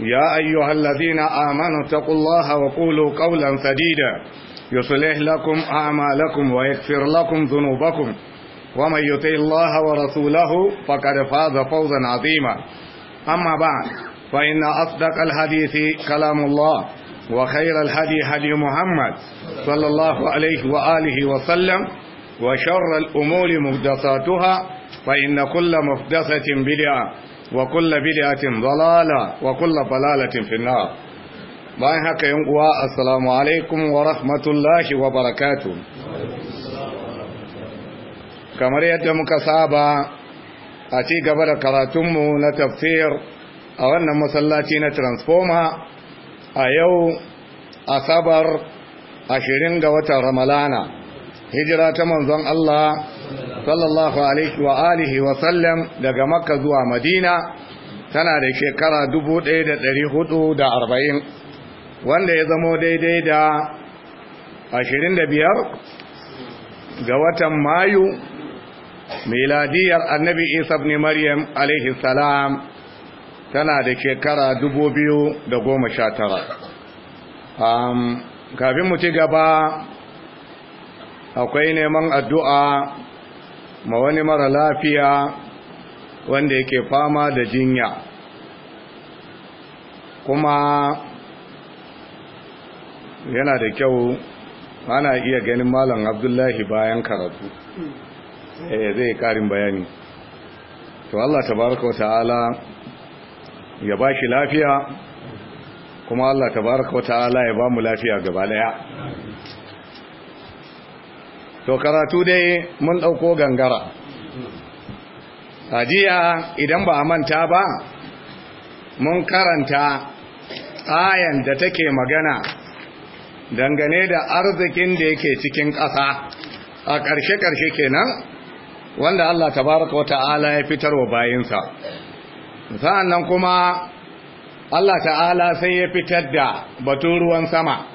يا أيها الذين آمنوا اتقوا الله وقولوا قولا سديدا يصلح لكم أعمالكم ويغفر لكم ذنوبكم ومن يطع الله ورسوله فقد فاز فوزا عظيما أما بعد فإن أصدق الحديث كلام الله وخير الهدي هدي محمد صلى الله عليه وآله وسلم وشر الأمور مقدساتها فإن كل مقدسة بدعة wa kulla bid'atin dalala wa kulla balalatin finnar bayan haka yan uwa assalamu alaikum wa rahmatullahi wa barakatuh kamar yadda muka saba a ci gaba da karatunmu na tafsir a wannan masallaci na transformer a yau asabar ashirin ga watan ramalana hijira ta manzon Allah sallallahu alaihi wa alihi wa sallam daga makka zuwa madina tana da shekara 1440 wanda ya zamo daidai da 25 ga watan mayu miladiyar annabi isa ibn maryam alaihi salam tana da shekara 2019 um, kafin mu ci gaba akwai neman addu'a ma wani mara lafiya wanda yake fama da jinya kuma yana da kyau ana iya ganin malam abdullahi bayan karatu eh, zai karin bayani to Allah tabaraka wa ta'ala ya ba shi lafiya kuma Allah tabaraka wa ta'ala ya ba mu lafiya gaba daya to karatu dai mun ɗauko gangara ajiya idan ba a manta ba mun karanta ayan da take magana dangane da arzikin da yake cikin ƙasa a ƙarshe-ƙarshe kenan wanda Allah tabaraka ta'ala ya fitar wa bayinsa sa'annan kuma Allah ta'ala sai ya fitar da batun ruwan sama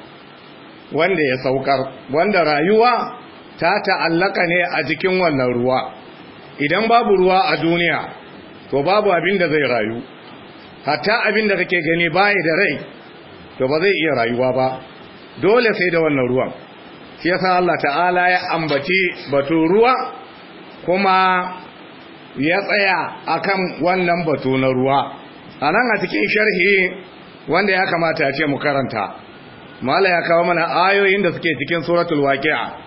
wanda ya saukar wanda rayuwa ta ta'allaka ne a jikin wannan ruwa idan babu ruwa a duniya to babu abin da zai rayu hatta abin da kake gani baya da rai to ba zai iya rayuwa ba dole sai da wannan ruwan shi yasa Allah ta'ala ya ambaci batu ruwa kuma ya tsaya a kan wannan batu na ruwa a nan a cikin sharhi wanda ya kamata a ce mu karanta mala ya kawo mana ayoyin da suke cikin suratul waƙi'a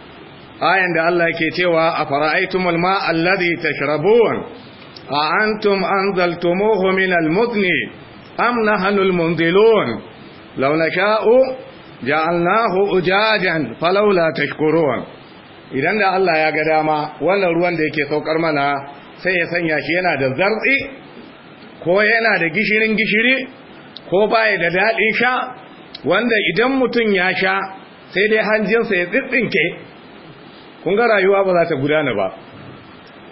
ayan da Allah ke cewa a fara'aitumul ma allazi tashrabun a antum anzaltumuhu min almuzni am nahnu almunzilun law nasha'u ja'alnahu ujajan falawla tashkurun idan da Allah ya ga dama wannan ruwan da yake saukar mana sai ya sanya shi yana da zartsi ko yana da gishirin gishiri ko baya da daɗin sha wanda idan mutum ya sha sai dai hanjinsa ya tsitsinke kun ga rayuwa ba za ta gudana ba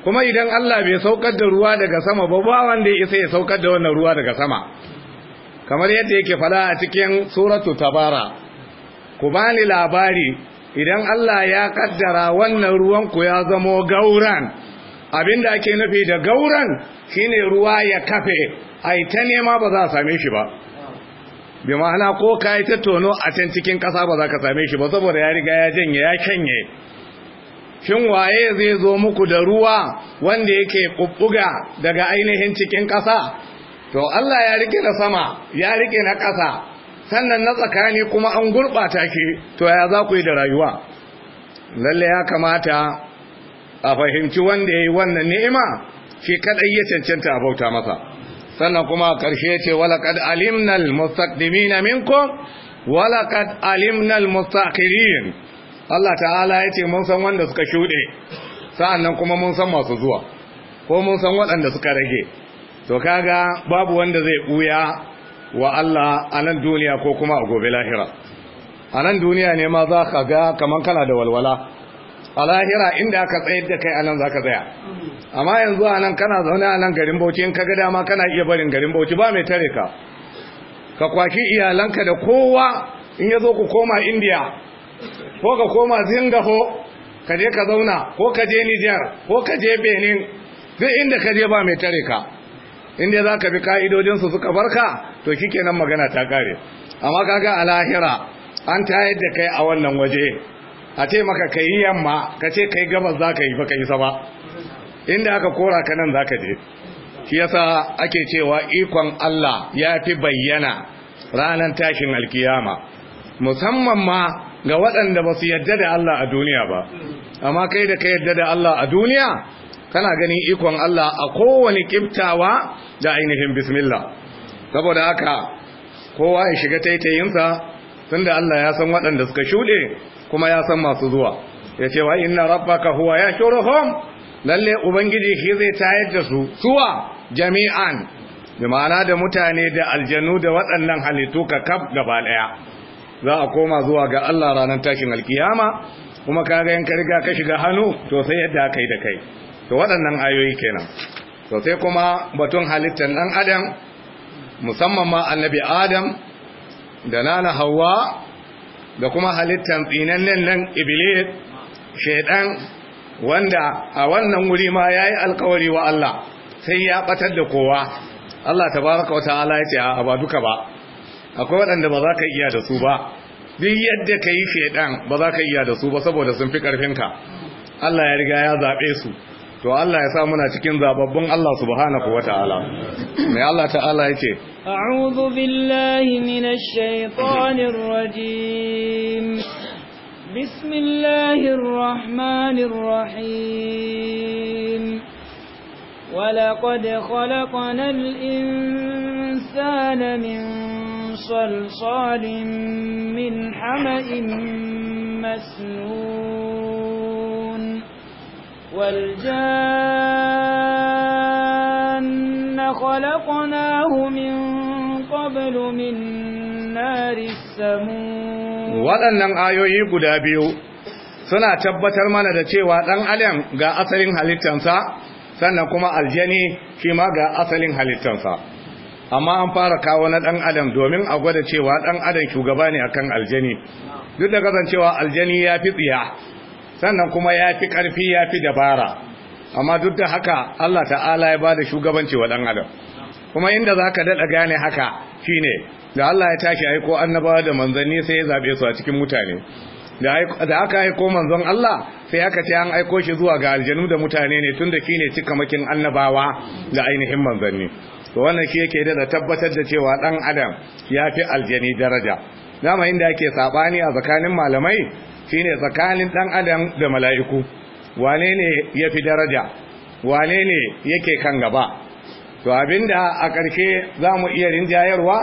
kuma idan Allah bai saukar da ruwa daga sama ba ba wanda ya isa ya saukar da wannan ruwa daga sama kamar yadda yake fada a cikin suratu tabara ku bani labari idan Allah ya kaddara wannan ruwan ku ya zamo gauran da ake nufi da gauran shine ruwa ya kafe ai ta nema ba za a same shi ba bi ma'ana ko ka yi ta tono a can cikin ƙasa ba za ka same shi ba saboda ya riga ya janye ya kenye shin waye zai zo muku da ruwa wanda yake kubbuga daga ainihin cikin ƙasa to Allah ya rike na sama ya rike na ƙasa sannan na tsakani kuma an gurɓata shi, to ya za ku yi da rayuwa lalle ya kamata a fahimci wanda ya yi wannan ni'ima shi kaɗai ya cancanta a bauta masa sannan kuma ƙarshe ce walaƙad alimnal mustaqdimina minkum walaƙad alimnal mustaqirin Allah ta'ala ya ce mun san wanda suka shuɗe nan kuma mun san masu zuwa ko mun san waɗanda suka rage to kaga babu wanda zai buya wa Allah a nan duniya ko kuma a gobe lahira a nan duniya ne ma za ka ga kamar kana da walwala a lahira inda aka tsayar da kai a nan za ka tsaya amma yanzu a nan kana zaune a nan garin bauchi in ka ga dama kana iya barin garin bauchi ba mai tare ka ka kwaki iyalanka da kowa in ya zo ku koma indiya ko ka koma zingaho, ka je ka zauna ko ka je nijar ko ka je benin duk inda ka je ba mai tare ka inda za ka bi su suka barka to kike nan magana ta kare amma kaga a lahira an tayar da kai a wannan waje a ce maka ka yi yamma ka ce kai gabas za ka yi ba ka isa ba inda aka kora ka nan za ka je shi yasa ake cewa ikon Allah ya fi bayyana ranar tashin alkiyama musamman ma ga waɗanda ba su yadda da Allah a duniya ba amma kai da ka yadda da Allah a duniya kana ganin ikon Allah a kowane kiftawa da ainihin bismillah saboda haka kowa ya shiga taitayinsa da Allah ya san waɗanda suka shuɗe kuma ya san masu zuwa ya ce na inna rabbaka huwa ya shuruhum lalle ubangiji shi zai tayar da su suwa jami'an bi ma'ana da mutane da aljanu da waɗannan halittu ka kaf gaba ɗaya za a koma zuwa ga Allah ranar tashin alkiyama kuma ka ga yanka riga ka shiga hannu to sai yadda aka yi da kai to waɗannan ayoyi kenan to sai kuma batun halittar ɗan adam musamman ma annabi adam da nana hawa da kuma halittar tsinannen nan iblis shaidan wanda a wannan wuri ma ya yi alkawari wa Allah sai ya ɓatar da kowa Allah ta wa ta'ala ya ce a ba duka ba akwai waɗanda ba za ka iya da su ba duk yadda ka yi shaidan ba za ka iya da su ba saboda sun fi ƙarfinka Allah ya riga ya zaɓe su to Allah ya sa muna cikin zababbun Allah su kuwa ta'ala. mai Allah ta'ala Ya ce. billahi minash shaitanir rajim bismillahir ولقد خلقنا الإنسان من صلصال من حمأ مسنون والجان خلقناه من قبل من نار السموم waɗannan ayoyi guda biyu suna tabbatar mana da cewa ɗan adam ga asalin halittansa sannan kuma aljani shi ma ga asalin halittansa amma an fara kawo na ɗan adam domin a gwada cewa ɗan adam shugaba ne akan aljani duk da kasancewa aljani ya fi tsiya sannan kuma ya fi ƙarfi ya fi dabara amma duk da haka Allah ta'ala ya bada shugabanci wa ɗan adam kuma inda za ka daɗa gane haka shine da Allah ya tashi aiko annabawa da manzanni sai ya zaɓe su a cikin mutane da aka aiko manzon Allah sai aka ce an aiko shi zuwa ga aljanu da mutane ne tunda shine cikamakin annabawa da ainihin manzanni to wannan shi yake da tabbatar da cewa dan adam ya fi aljani daraja dama inda yake sabani a tsakanin malamai shine tsakanin dan adam da mala'iku wane ne ya fi daraja wane ne yake kan gaba to abinda a karshe zamu iya rinjayarwa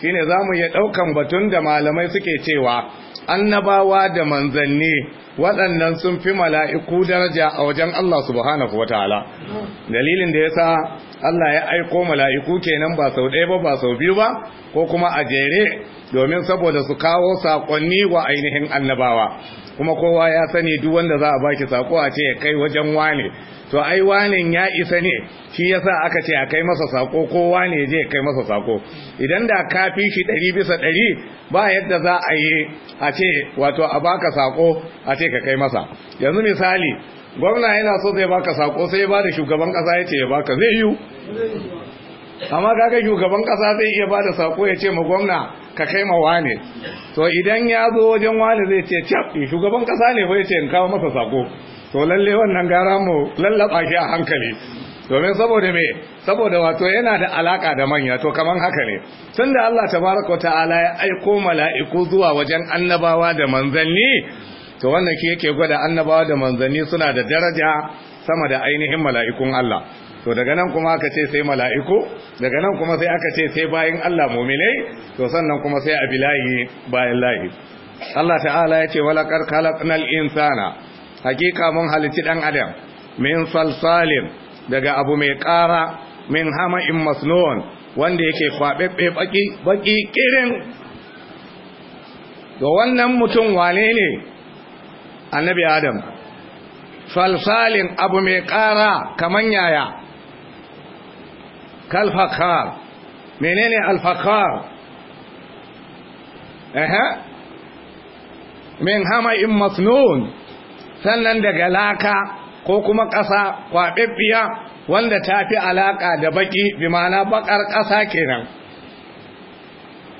shine zamu mu iya ɗaukan batun da malamai suke cewa annabawa da manzanni waɗannan sun fi mala'iku daraja a wajen Allah subhanahu wa ta'ala dalilin da ya sa Allah ya aiko mala'iku kenan ba sau ɗaya ba ba sau biyu ba ko kuma a jere domin saboda su kawo saƙonni wa ainihin annabawa kuma kowa ya sani duk wanda za a baki saƙo a ce ya kai wajen wane to ai wanin ya isa ne shi yasa aka ce a kai masa sako ko wane je kai masa sako idan da ka fi shi 100 bisa 100 ba yadda za a yi a ce wato a baka sako a ce ka kai masa yanzu misali gwamna yana so zai baka sako sai ba bada shugaban kasa ya ce ya baka zai yiwu amma kaga shugaban kasa zai iya bada sako ya ce ma gwamna ka kai ma wane to idan ya zo wajen wane zai ce cap shugaban kasa ne ko ya ce in kawo masa sako to lalle wannan gara mu lallaba shi a hankali domin saboda me saboda wato yana da alaka da manya to kaman haka ne tunda Allah tabaraka ta'ala ya aiko mala'iku zuwa wajen annabawa da manzanni to wannan ke yake gwada annabawa da manzanni suna da daraja sama da ainihin mala'ikun Allah to daga nan kuma aka ce sai mala'iku daga nan kuma sai aka ce sai bayin Allah mu'minai to sannan kuma sai abilahi bayan lahi Allah ta'ala ya ce walaqad khalaqnal insana hakika mun halitti dan adam min salsalin daga abu mai ƙara min in masnon wanda yake kwaɓeɓɓe baƙi ƙirin ga wannan mutum wane ne annabi adam salsalin abu mai ƙara kaman yaya kalfakar menene alfakar min in masnon sannan daga laka ko kuma ƙasa kwaɓaɓɓiya wanda ta fi alaƙa da baƙi bi ma'ana baƙar ƙasa kenan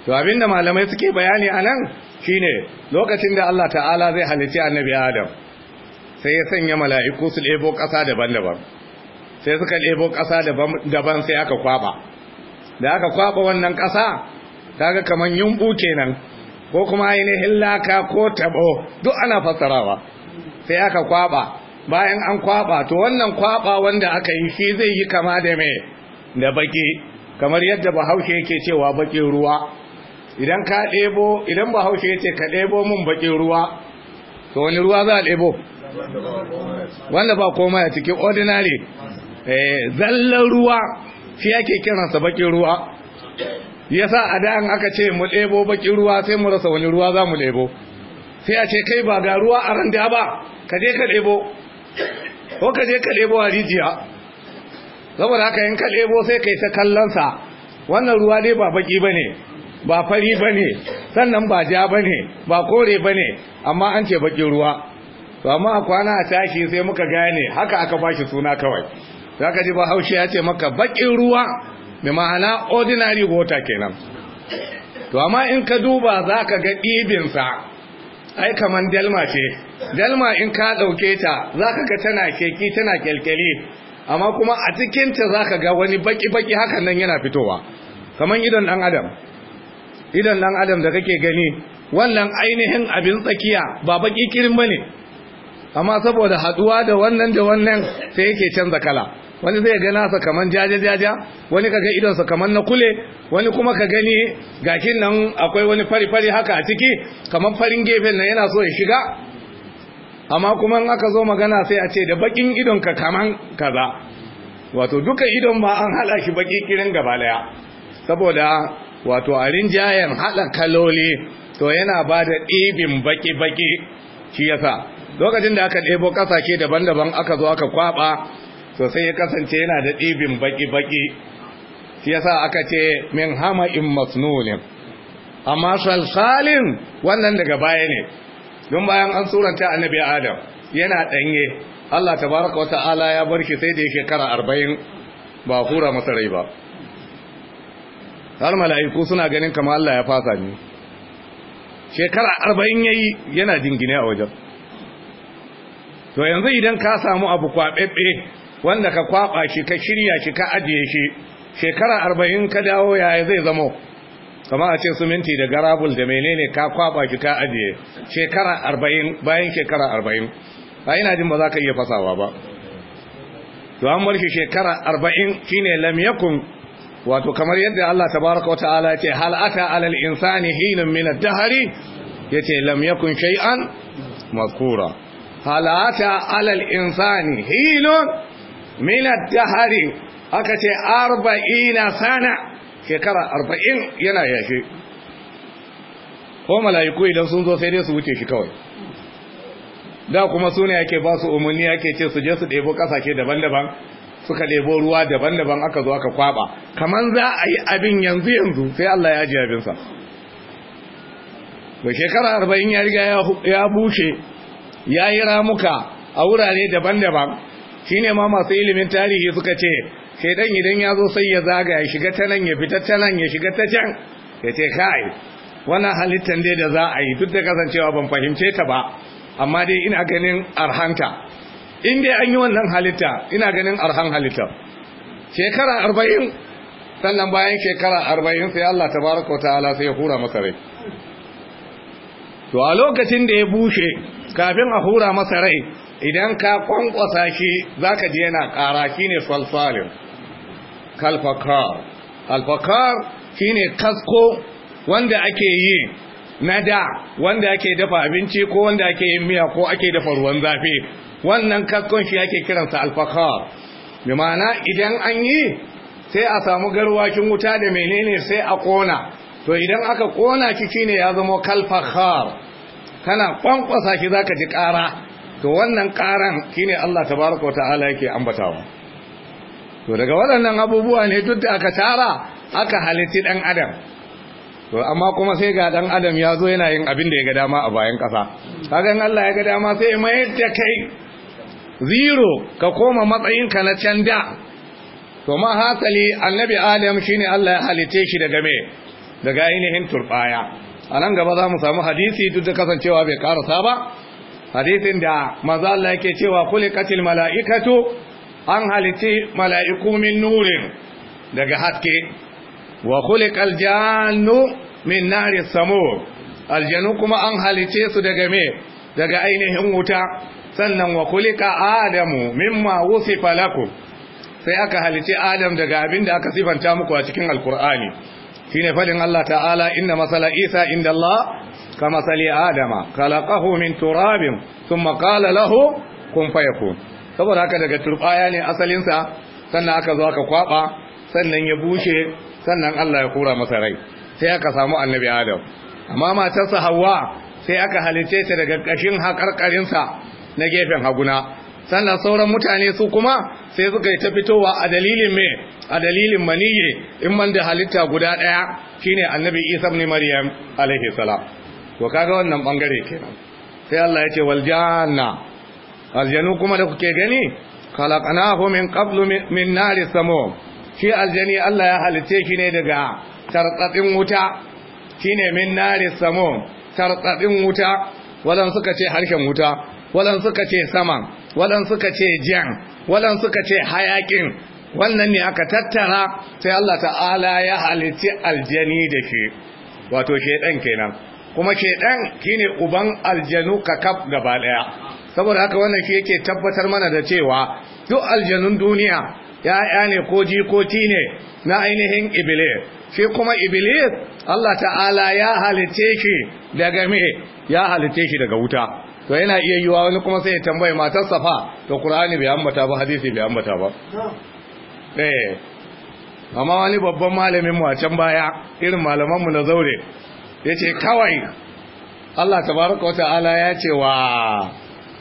to abinda malamai suke bayani a nan shine lokacin da Allah ta'ala zai a annabi Adam sai ya sanya mala'iku su ɗebo ƙasa daban-daban sai suka ɗebo ƙasa daban sai aka kwaɓa da aka kwaɓa wannan ƙasa kaga kamar yumbu kenan ko kuma ainihin laka ko taɓo, duk ana fassarawa sai aka kwaba bayan an kwaba to wannan kwaba wanda aka yi shi zai yi kama da me da baki kamar yadda bahaushe yake cewa baki ruwa idan ka debo idan bahaushe yace ka ɗebo mun baki ruwa to wani ruwa za a ɗebo wanda ba komai a cikin ordinary eh zallan ruwa shi yake kiransa baki ruwa yasa a da aka ce mu ɗebo baki ruwa sai mu rasa wani ruwa za mu ɗebo sai a ce kai ba ga ruwa a da ba ka je ka ɗebo ko ka je ka ɗebo a rijiya saboda haka in ka ɗebo sai kai ta kallonsa wannan ruwa dai ba baki ba ne ba fari ba ne sannan ba ja ba ne ba kore ba ne amma an ce bakin ruwa to amma a kwana a tashi sai muka gane haka aka ba shi suna kawai za ka ji ba haushe ya ce maka bakin ruwa mai ma'ana ordinary water kenan to amma in ka duba za ka ga ɗibinsa ai kaman dalma ce dalma in ka dauke ta zaka ga tana keki tana kyalkyale amma kuma a cikin ta zaka ga wani baki baki hakan nan yana fitowa kaman idan dan adam idan dan adam da kake gani wannan ainihin abin tsakiya ba baki kirin bane amma saboda haduwa da wannan da wannan sai yake canza kala wani zai gana sa kaman jaja jaja wani kaga idonsa kaman na kule wani kuma ka gani gakin nan akwai wani fari fari haka a ciki kaman farin gefen nan yana so ya shiga amma kuma in aka zo magana sai a ce da bakin idon ka kaman kaza wato duka idon ma an hada shi baki kirin gaba daya saboda wato a rinjayen hada kaloli to yana ba da ɗibin baki baki shi yasa lokacin da aka ɗebo ƙasashe daban-daban aka zo aka kwaba Sosai sai ya kasance yana da ɗibin baki-baki shi yasa aka ce min hama hama'in masnunin amma salsalin wannan daga baya ne don bayan an suranta annabi adam yana ɗanye Allah tabaraka wa ta'ala ya bar shi sai da yake kara arba'in ba hura masa rai ba har mala'iku suna ganin kamar Allah ya fasa ni shekara arba'in ya yi yana jingine a wajen to yanzu idan ka samu abu kwaɓeɓe wanda ka kwaba shi ka shirya shi ka ajiye shi shekara arba'in ka dawo yaya zai zamo kama a ce suminti da garabul da menene ka kwaba shi ka ajiye shekara arba'in bayan shekara arba'in a ina jin ba za ka iya fasawa ba to an barki shekara arba'in shine ne yakun wato kamar yadda Allah tabaraka wa ta'ala ya ce hal alal insani hinun min ad-dahri yace lam yakun shay'an mazkura hal alal insani hinun min ad-dahari aka ce 40 sana shekara arba'in yana yashe ko malayiku idan sun zo sai dai su wuce shi kawai da kuma suna yake ba su umarni ake ce su je su ɗebo ƙasashe daban-daban suka ɗebo ruwa daban-daban aka zo aka kwaba kamar za a yi abin yanzu yanzu sai Allah ya ji abinsa da shekara arba'in ya riga ya bushe ya yi ramuka a wurare daban-daban Shi ne ma masu ilimin tarihi suka ce shedan idan ya zo sai ya zaga ya shiga ta nan ya fita ta nan ya shiga ta can ya ce kai wannan halittar dai da za a yi duk da kasancewa ban fahimce ta ba amma dai ina ganin arhanta in dai an yi wannan halitta ina ganin arhan halitta shekara arba'in sannan bayan shekara arba'in sai Allah ta baraka ta'ala sai ya hura masa rai to a lokacin da ya bushe kafin a hura masa rai idan ka kwankwasa shi za ka je yana ƙara ne salsalin kalfakar shi ne kasko wanda ake yi na da wanda ake dafa abinci ko wanda ake yin miya ko ake dafa ruwan zafi wannan kaskon shi ake kiransa alfakar bi ma'ana idan an yi sai a samu garwakin wuta da menene sai a kona to idan aka kona shi shine ya zama kalfakar kana kwankwasa shi za ka ji ƙara to wannan karan shine Allah tabaraka ta'ala yake ambatawa to daga waɗannan abubuwa ne duk da aka tara aka halitti dan adam to amma kuma sai ga dan adam ya zo yana yin abin da ya ga dama a bayan kasa kaga in Allah ya ga dama sai ya mai da kai zero ka koma matsayinka na can to ma hakali annabi adam shine Allah ya halitte shi daga me daga ainihin turbaya a nan gaba za mu samu hadisi duk da kasancewa bai karasa ba hadisin da maza Allah yake cewa kulikatil mala'ikatu an halitti mala'iku min nurin daga haske wa kulikal jannu min nari aljanu kuma an halitte su daga me daga ainihin wuta sannan wa kulika adamu mimma wusifa lakum sai aka halitte adam daga abin da aka sifanta muku a cikin alkur'ani shine fadin Allah ta'ala inna masala isa inda Allah كمثل آدم خلقه من تراب ثم قال له كن فيكون saboda haka daga turbaya ne asalinsa sannan aka zo aka kwaba sannan ya bushe sannan Allah ya kura masa rai sai aka samu annabi Adam amma matarsa hawa sai aka halice ta daga kashin haƙarƙarinsa na gefen haguna sannan sauran mutane su kuma sai suka yi ta fitowa a dalilin me a dalilin maniyye in man da halitta guda ɗaya, shine annabi Isa ibn Maryam alaihi salam to kaga wannan bangare kenan sai Allah ya ce wal janna aljanu kuma da kuke gani khalaqnahu min qablu min nari samum shi aljani Allah ya halice shi ne daga tartsatsin wuta shine min nari samum tartsatsin wuta wadan suka ce harshen wuta wadan suka ce saman wadan suka ce jan wadan suka ce hayakin wannan ne aka tattara sai Allah ta'ala ya halice aljani da shi wato shedan kenan kuma ke ki shine uban aljanu kakaf gaba ɗaya. saboda haka wannan shi yake tabbatar mana da cewa duk aljanun duniya ya'ya ne ko jikoti ne na ainihin iblis shi kuma iblis Allah ta'ala ya halitte shi daga me ya halitte shi daga wuta to yana iya yiwa wani kuma sai ya tambaye matar safa to qur'ani bai ambata ba hadisi bai ambata ba eh amma wani babban malamin mu a can baya irin malaman mu na zaure ya ce kawai Allah tabaraka wata ala ya ce wa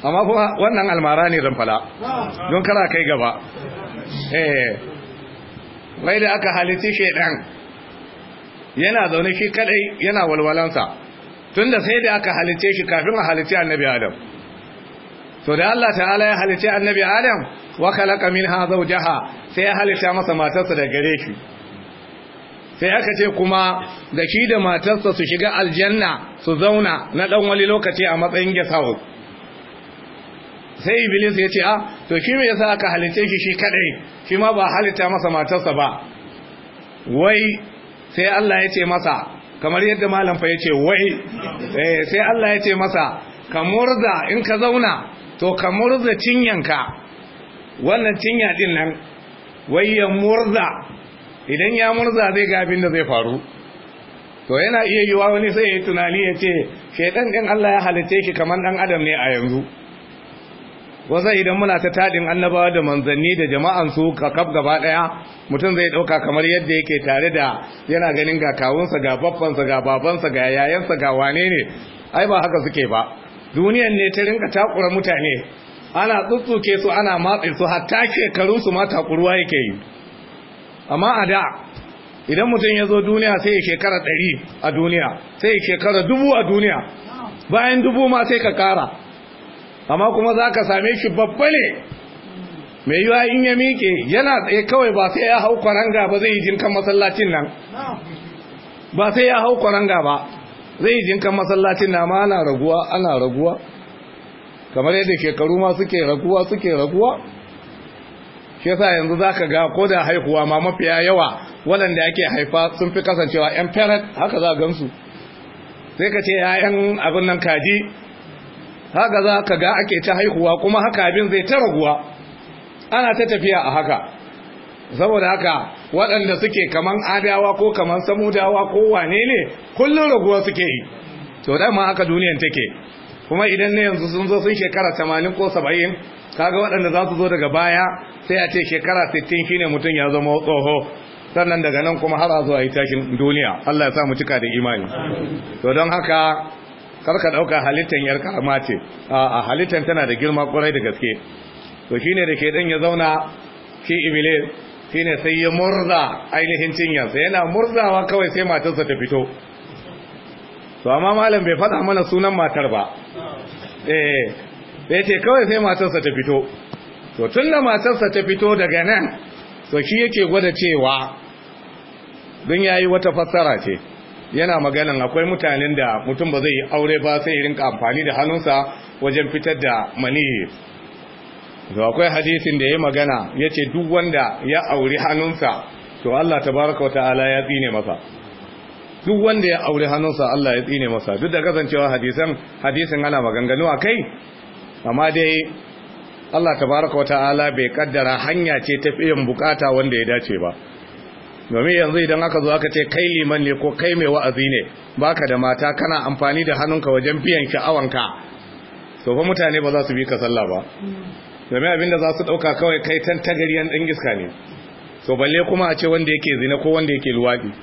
amma wannan almara ne zan fala don kara kai gaba eh wai da aka halitti shedan yana zaune shi kadai yana walwalansa tunda sai da aka halitte shi kafin a halitti annabi adam to da Allah ta'ala ya halitti annabi adam wa khalaqa minha zawjaha sai ya halitta masa matarsa da gare shi sai aka ce kuma da shi da matarsa su shiga aljanna su zauna na ɗan wani lokaci a matsayin gasawo house sai iblis ya ce a ah, to shi me yasa aka halitta shi shi kadai shi ma ba halitta masa matarsa ba wai sai Allah ya ce masa kamar yadda malam fa ya ce wai eh, sai Allah ya ce masa ka murza in ka zauna to ka murza cinyanka wannan cinya din nan wai ya murza idan ya murza zai ga abin da zai faru to yana iya yiwa wani sai ya tunani ya ce shaidan din Allah ya halice shi kamar dan adam ne a yanzu wasa idan muna ta taɗin annabawa da manzanni da jama'an su kaf gaba daya mutum zai ɗauka kamar yadda yake tare da yana ganin ga kawunsa ga babbansa ga babansa ga yayansa ga wane ne ai ba haka suke ba duniyan ne ta rinka takura mutane ana tsutsuke su ana matse su hatta shekaru su ma takuruwa yake yi amma a da idan mutum ya zo duniya sai ya shekara ɗari a duniya sai ya shekara dubu a duniya bayan dubu ma sai ka kara amma kuma za ka same shi babba ne mai yiwa in ya miƙe yana tsaye kawai ba sai ya hau kwaranga ba zai yi jinkan masallacin nan ba sai ya hau kwaranga ba zai yi jinkan masallacin nan ma ana raguwa ana raguwa kamar yadda shekaru ma suke raguwa suke raguwa shi yasa yanzu zaka ga ko da haihuwa ma mafiya yawa waɗanda yake haifa sun fi kasancewa yan parent haka za gansu sai ka ce yayan abin nan kaji haka za ka ga ake ta haihuwa kuma haka abin zai ta raguwa ana ta tafiya a haka saboda haka waɗanda suke kaman adawa ko kaman samudawa ko wane ne kullum raguwa suke yi to dama haka duniyan take kuma idan ne yanzu sun zo sun shekara tamanin ko saba'in kaga waɗanda za su zo daga baya sai a ce shekara 60 shine mutum ya zama tsoho sannan daga nan kuma har zuwa yi tashin duniya Allah ya sa mu cika da imani to don haka karka dauka halittar yar karama ce a halittar tana da girma kwarai da gaske to shine da ke dan ya zauna shi ibile shine sai ya murza ainihin cinyarsa yana murzawa kawai sai matarsa ta fito to amma malam bai faɗa mana sunan matar ba eh, eh. sai ce kawai sai matarsa ta fito to tun da matarsa ta fito daga nan to shi yake gwada cewa don ya yi wata fassara ce yana maganin akwai mutanen da mutum ba zai yi aure ba sai ka amfani da hannunsa wajen fitar da maniyi to akwai hadisin da ya magana ya ce duk wanda ya auri hannunsa to Allah wa ta'ala ya tsine masa duk wanda ya auri hannunsa Allah ya tsine masa duk da kasancewa hadisan hadisin ana maganganu a kai amma dai Allah tabaraka wa ta'ala bai kaddara hanya ce ta fiye bukata wanda ya dace ba domin yanzu idan aka zo aka ce kai liman ne ko kai mai wa'azi ne baka da mata kana amfani da hannunka wajen biyan sha'awanka to ba mutane ba za su bi ka sallah ba domin abinda za su dauka kawai kai tan tagariyan dan giska ne to balle kuma a ce wanda yake zina ko wanda yake luwadi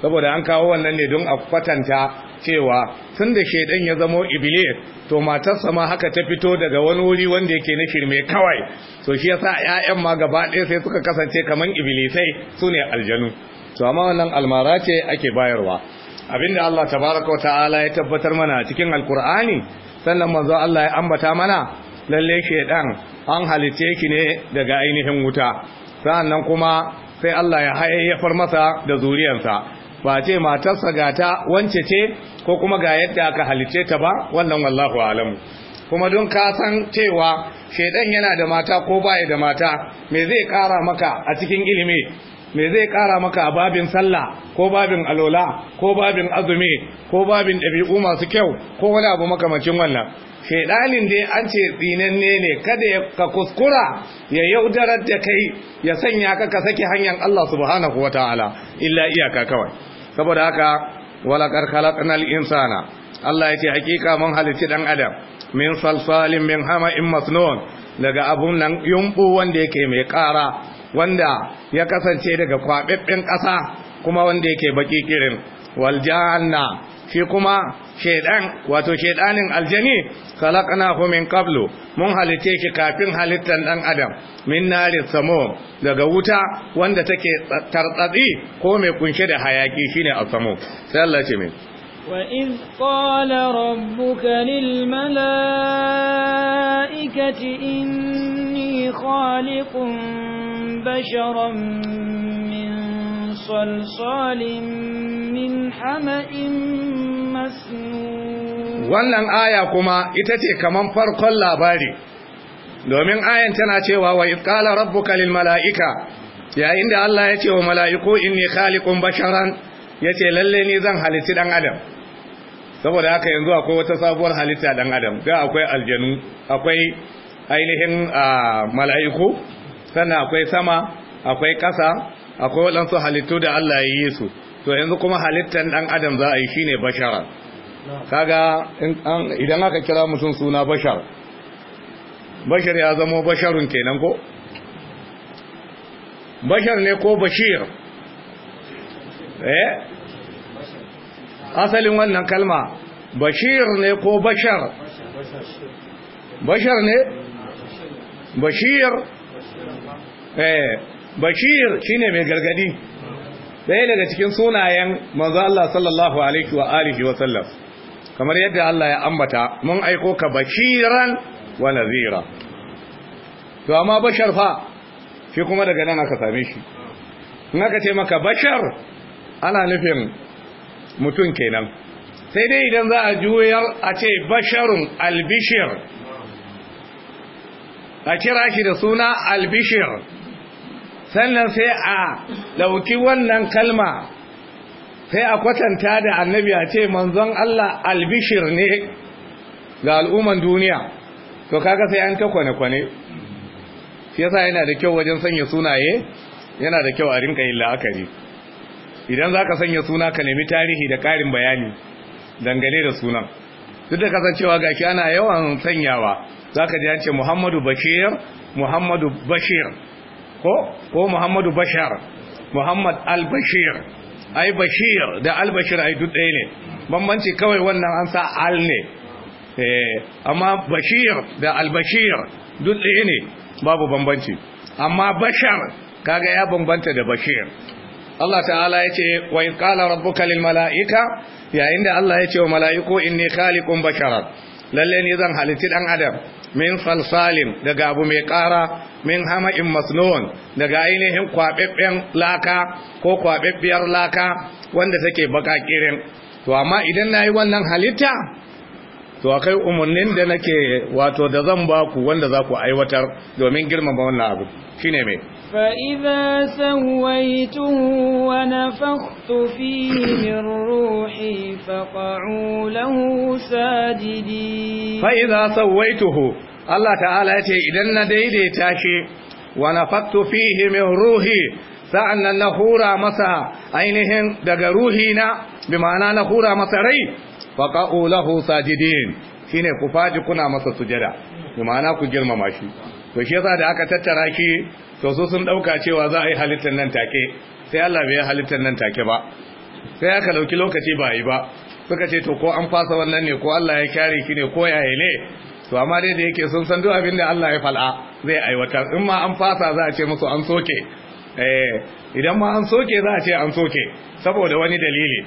saboda an kawo wannan ne don a kwatanta cewa tun da shaidan ya zamo iblis to matarsa ma haka ta fito daga wani wuri wanda yake na shirme kawai to shi yasa ƴaƴan ma gaba ɗaya sai suka kasance kaman iblisai sune aljanu to amma wannan almara ce ake bayarwa abinda Allah tabaraka ta'ala ya tabbatar mana cikin alkur'ani sannan manzo Allah ya ambata mana lalle shaidan an halice ki ne daga ainihin wuta sannan kuma sai Allah ya hayayyafar masa da zuriyarsa ba ce matarsa ga ta wance ce ko kuma ga yadda aka halice ta ba wannan wallahu alamu kuma don ka san cewa shedan yana da mata ko baya da mata me zai kara maka a cikin ilimi me zai kara maka a babin sallah ko babin alola ko babin azumi ko babin dabi'u masu kyau ko wani abu makamacin wannan shedanin dai an ce tsinanne ne kada ka kuskura ya yaudarar da kai ya sanya ka ka saki hanyar Allah subhanahu wataala illa iyaka kawai saboda haka wala al insana Allah ya ce hakika mun halitta dan adam min salsalin min hama'in masnun daga abun nan yumbu wanda yake mai ƙara wanda ya kasance daga kwaɓaɓɓen ƙasa kuma wanda yake baki kirin janna shi kuma shedan wato shedanin aljani khalaqnahu min qablu mun halitte shi kafin halittan dan adam min narin samo daga wuta wanda take tartsatsi ko mai kunshe da hayaki shine asamo sai Allah ce min وإذ قال ربك للملائكة إني خالق بشرا من wannan aya kuma ita ce kamar farkon labari domin ayan tana cewa wa ƙala rabbuka lil mala'ika yayin da Allah ya ce wa mala'iku inni khaliqun basharan yace lalle ne zan halitti dan adam saboda haka yanzu akwai wata sabuwar halitta dan adam ga akwai aljanu akwai ainihin ah, mala'iku sannan akwai sama akwai ƙasa akwai waɗansu halittu da Allah ya yi su to yanzu kuma halittar ɗan adam za a yi ne bashara kaga idan aka kira mutum suna bashar bashar ya zama basharun kenan ko bashar ne ko bashir eh asalin wannan kalma bashir ne ko bashar bashar ne bashir eh bashir shine mai gargadi ɗaya daga cikin sunayen manzo Allah sallallahu alaihi wa alihi wa sallam kamar yadda Allah ya ambata mun aiko ka bashiran wa nazira to amma bashar fa shi kuma daga nan aka same shi in aka ce maka bashar ana nufin mutum kenan sai dai idan za a juyar a ce basharun albishir a kira shi da suna albishir sannan sai a ɗauki wannan kalma sai a kwatanta da annabi a ce manzon Allah albishir ne ga al'umman duniya to kaga sai an ta kwane-kwane shi yasa yana da kyau wajen sanya sunaye yana da kyau a rinka yin la'akari idan za ka sanya suna ka nemi tarihi da ƙarin bayani dangane da sunan duk da kasancewa ga shi ana yawan sanyawa za ka ji an ce muhammadu bashir muhammadu bashir ko muhammadu bashar muhammad al-bashir ai bashir da al-bashir ai duk ɗaya ne bambanci kawai wannan an sa al ne eh, amma bashir da al-bashir duk ɗaya ne babu bambanci amma bashar kaga ya bambanta da bashir Allah ta'ala ya ce wa in qala rabbuka mala'ika yayin da Allah ya ce wa mala'iku inni khaliqun basharar? lalle ne zan halitti dan adam min salsalin daga abu mai ƙara min hama'in masnon daga ainihin kwaɓaɓɓen laka ko kwaɓaɓɓiyar laka wanda take baka kirin to amma idan na yi wannan halitta to akai umarnin da nake wato da zan ba ku wanda za ku aiwatar domin girmama wannan abu shine me fa idza sawaitu wa nafakhtu min ruhi faq'u lahu sajidin fa idza sawaituhu Allah ta'ala ya ce idan na daidaita shi wa nafakhtu fihi min ruhi sa'annan na hura masa ainihin daga ruhina bi ma'ana na hura masa rai faqa'u lahu sajidin shine ku faɗi kuna masa sujada ma'ana ku girmama shi to shi yasa da aka tattara ki to su sun ɗauka cewa za a yi halittar nan take sai Allah bai halittar nan take ba sai aka ɗauki lokaci ba yi ba suka ce to ko an fasa wannan ne ko Allah ya kare ki ne ko yaye ne to amma dai da yake sun san duk abin da Allah ya fal'a zai aiwatar in ma an fasa za a ce musu an soke eh idan ma an soke za a ce an soke saboda wani dalili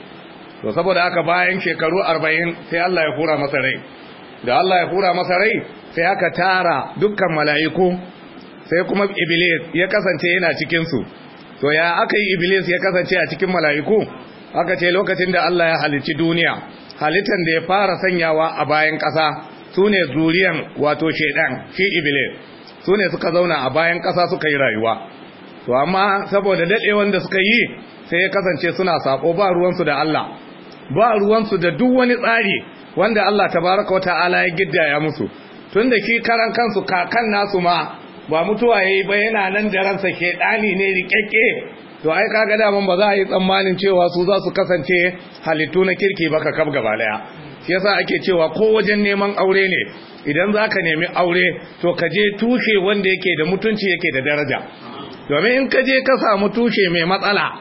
to saboda aka bayan shekaru arba'in sai Allah ya hura masa rai da Allah ya hura masa rai sai aka tara dukkan mala'iku sai kuma iblis ya kasance yana cikinsu to ya aka yi iblis ya kasance a cikin mala'iku aka ce lokacin da Allah ya halicci duniya halittar da ya fara sanyawa a bayan ƙasa sune zuriyan wato shaidan shi iblis sune suka zauna a bayan ƙasa suka yi rayuwa to amma saboda dadewan da suka yi sai ya kasance suna saƙo ba ruwansu da Allah ba ruwansu da duk wani tsari wanda Allah tabaraka wata'ala ya giddaya musu tun da shi karan kansu kakan nasu ma ba mutuwa yayi ba yana nan da ransa ke dani ne rikekke to ai ga daman ba za a yi tsammanin cewa su za su kasance halittu na kirki ba ka kaf gaba daya shi yasa ake cewa ko wajen neman aure ne idan za ka nemi aure to ka je tushe wanda yake da mutunci yake da daraja domin in ka je ka samu tushe mai matsala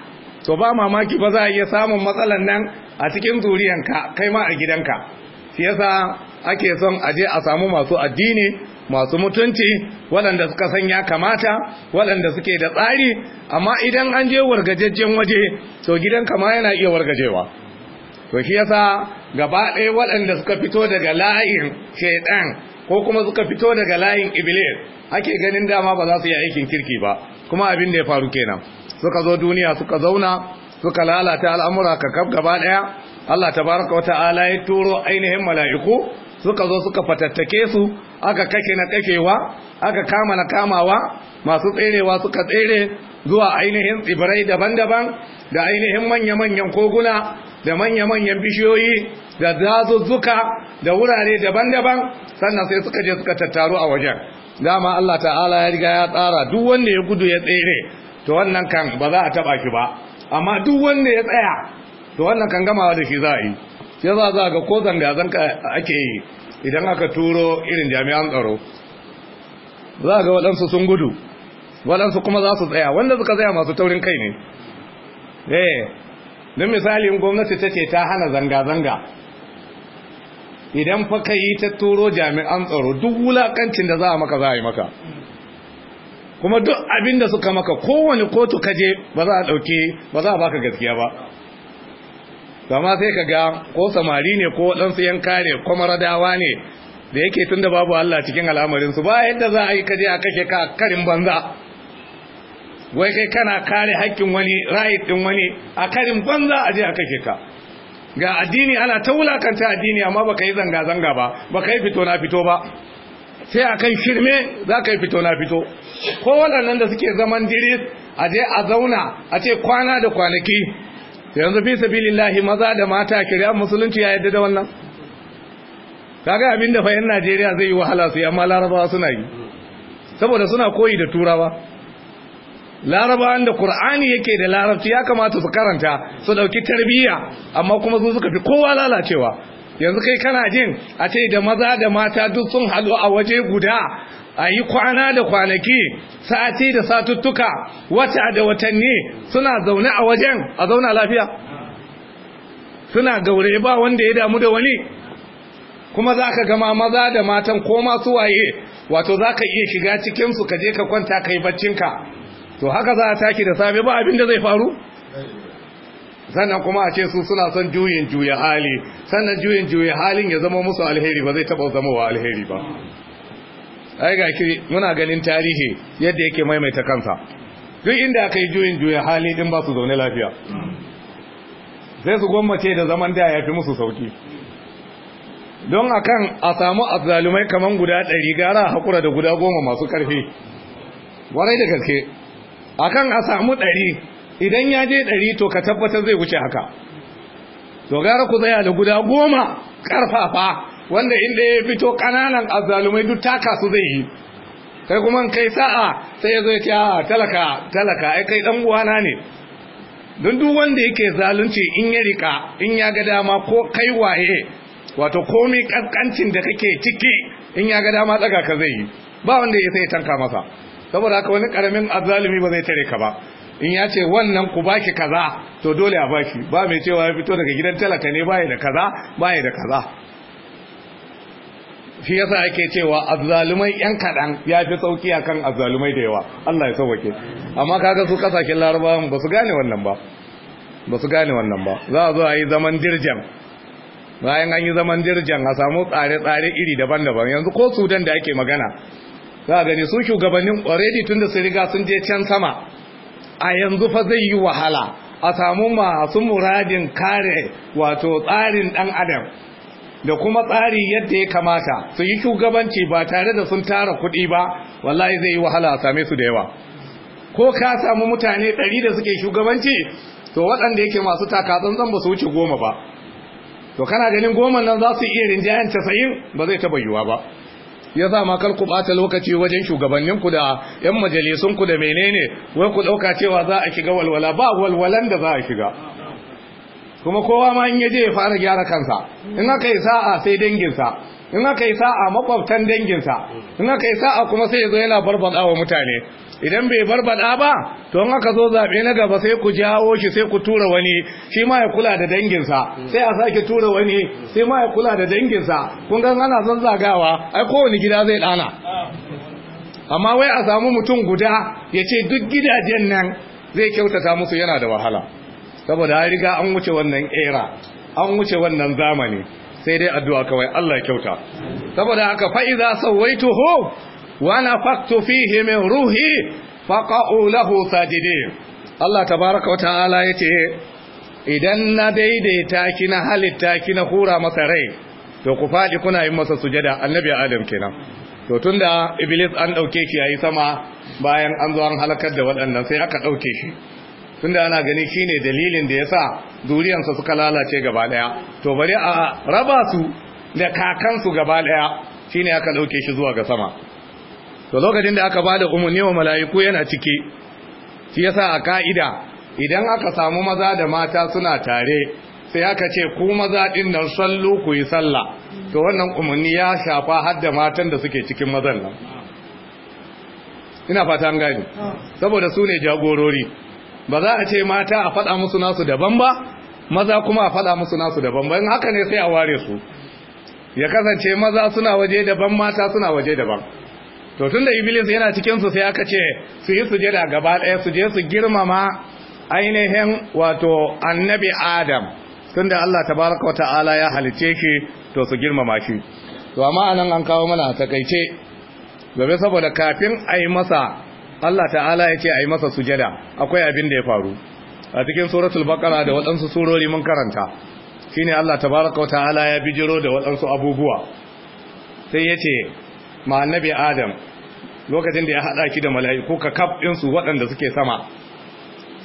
to ba mamaki ba za a iya samun matsalan nan a cikin zuriyanka kai ma a gidanka shi yasa ake son a je a samu masu addini masu mutunci waɗanda suka san ya kamata waɗanda suke da tsari amma idan an je wargajejjen waje to gidanka ma yana iya wargajewa to shi yasa gaba ɗaya waɗanda suka fito daga layin shaidan ko kuma suka fito daga layin iblis ake ganin dama ba za su yi aikin kirki ba kuma abin da ya faru kenan suka zo duniya suka zauna suka lalata al'amura ka kaf gaba ɗaya Allah tabaraka ala ya turo ainihin mala'iku suka zo suka fatattake su aka kashe na kashewa aka kama na kamawa masu tserewa suka tsere zuwa ainihin tsibirai daban-daban da ainihin manya-manyan koguna da manya-manyan bishiyoyi da zazuzzuka da wurare daban-daban sannan sai suka je suka tattaru a wajen dama Allah ta'ala ya riga ya tsara duk wanda ya gudu ya tsere to wannan kan ba za a taba ki ba amma duk wanda ya tsaya to wannan kan gamawa da shi za yi ya za za ga ko zanga-zanga ake yi idan aka turo irin jami'an tsaro za ga waɗansu sun gudu waɗansu kuma za su tsaya wanda suka tsaya masu taurin kai ne eh don misali gwamnati ta ce ta hana zanga-zanga idan fa ka yi ta turo jami'an tsaro duk wulakancin da za a maka za a yi maka kuma duk abin da suka maka kowane kotu kaje ba za a ɗauke ba za a baka gaskiya ba zama sai ka ga ko samari ne ko waɗansu yan kare radawa ne da yake tunda babu Allah cikin al'amarin su. ba yadda za a yi kaje a kashe ka karin banza wai kai kana kare haƙƙin wani ra'ayi ɗin wani a karin banza a je a kashe ka ga addini ana ta wulakanta addini amma baka yi zanga-zanga ba baka yi fito na fito ba sai akan shirme za ka yi fito na fito ko waɗannan da suke zaman diris a je a zauna a ce kwana da kwanaki yanzu fi sabilillahi maza da mata an musulunci ya yadda da wannan kaga abinda da Najeriya zai yi wahala su amma larabawa suna yi saboda suna koyi da turawa larabawan da qur'ani yake da larabci ya kamata su karanta su dauki tarbiyya amma kuma su suka fi kowa lalacewa yanzu kai kana jin a ce da maza da mata duk sun halu a waje guda a yi kwana da kwanaki sati da satuttuka wata da watanni suna zaune a wajen a zauna lafiya suna gaure ba wanda ya damu da wani kuma za ka gama maza da matan ko masu waye wato za ka iya shiga cikinsu ka je ka kwanta ka yi baccinka to haka za a taki da safe ba abinda zai faru sannan kuma a ce su suna son juyin juya hali sannan juyin juya halin ya zama musu alheri ba zai taba zama wa alheri ba ai ga ki muna ganin tarihi yadda yake maimaita kansa duk inda aka yi juyin juya hali din ba su zaune lafiya sai su gwammace da zaman da ya fi musu sauki don akan a samu azzalumai kamar guda ɗari gara hakura da guda goma masu ƙarfi warai da gaske akan a samu ɗari idan ya je ɗari to ka tabbatar zai wuce haka to gara ku zaya da guda goma ƙarfafa wanda inda ya fito kananan azzalumai duk taka su zai yi kai kuma kai sa'a sai ya zo ya ce ah, talaka talaka ai kai dan uwana ne don duk wanda yake zalunci in ya rika in ya ga dama ko kai waye wato komai kankancin da kake ciki in ya ga dama tsaga ka zai yi ba wanda ya sai tanka masa saboda haka wani karamin azzalumi ba zai tare ka ba in ya ce wannan ku baki kaza to dole a baki ba mai cewa ya fito daga gidan talaka ne baya da kaza baya da kaza shi yasa ake cewa azzalumai yan kadan ya fi sauki kan azzalumai da yawa Allah ya sauke amma kaga su kasashen larabawan ba su gane wannan ba ba su gane wannan ba za a zo a yi zaman dirjan bayan an yi zaman dirjan a samu tsare-tsare iri daban-daban yanzu ko sudan da ake magana za a gani su shugabannin already tun da su riga sun je can sama a yanzu fa zai yi wahala a samu masu muradin kare wato tsarin dan adam da kuma tsari yadda ya kamata su yi shugabanci ba tare da sun tara kuɗi ba wallahi zai yi wahala a same su da yawa ko ka samu mutane ɗari da suke shugabanci to waɗanda yake masu taka tsantsan ba su wuce goma ba to kana ganin goma nan za su iya rinjayen casa'in ba zai taɓa yiwuwa ba ya za ma kar ku ɓata lokaci wajen shugabannin ku da 'yan ku da menene wai ku ɗauka cewa za a shiga walwala ba walwalan da za a shiga kuma kowa ma in yaje ya fara gyara kansa in aka yi sa'a sai danginsa in aka yi sa'a makwabtan danginsa in aka yi sa'a kuma sai ya zo yana barbada wa mutane idan bai barbada ba to in aka zo zaɓe na gaba sai ku jawo shi sai ku tura wani shi ma ya kula da danginsa sai a sake tura wani sai ma ya kula da danginsa kun ga ana son zagawa ai kowane gida zai dana amma wai a samu mutum guda ya ce duk gidajen nan zai kyautata musu yana da wahala saboda an riga an wuce wannan era an wuce wannan zamani sai dai addu'a kawai Allah kyauta saboda haka fa idza sawaituhu wa nafaqtu fihi min ruhi faqa'u lahu sajidin Allah tabaaraka wa ta'ala yace idan na daidaita ki na halitta ki na hura masa rai to ku faɗi kuna yin masa sujada annabi adam kenan to tunda iblis an dauke ki yayi sama bayan an zo an halakar da waɗannan sai aka dauke shi tunda ana gani shine dalilin da yasa zuriyansa suka lalace gaba daya to bari a raba su da kakansu gaba daya shine aka dauke shi zuwa ga sama to lokacin da aka bada umarni wa mala'iku yana ciki shi yasa a ka'ida idan aka samu maza da mata suna tare sai aka ce ku maza din nan sallu ku yi sallah to wannan umarni ya shafa har da matan da suke cikin mazan nan ina fata an gani oh. saboda su ne jagorori ba za a ce mata a faɗa musu nasu daban ba maza kuma a faɗa musu nasu daban ba in haka ne sai a ware su ya kasance maza suna waje daban mata suna waje daban to tunda iblis yana cikin su sai aka ce su yi sujada gaba ɗaya su je su girmama ainihin wato annabi adam tunda Allah tabaraka wa ta'ala ya halice shi to su girmama shi to amma anan an kawo mana a takaice gobe saboda kafin a yi masa Allah ta'ala ya ce a yi masa sujada akwai abin da ya faru a cikin suratul baqara da waɗansu surori mun karanta shine Allah tabaraka wa ta'ala ya bijiro da waɗansu abubuwa sai ya ce ma annabi adam lokacin da ya haɗa ki da mala'iku ka kaf ɗinsu waɗanda suke sama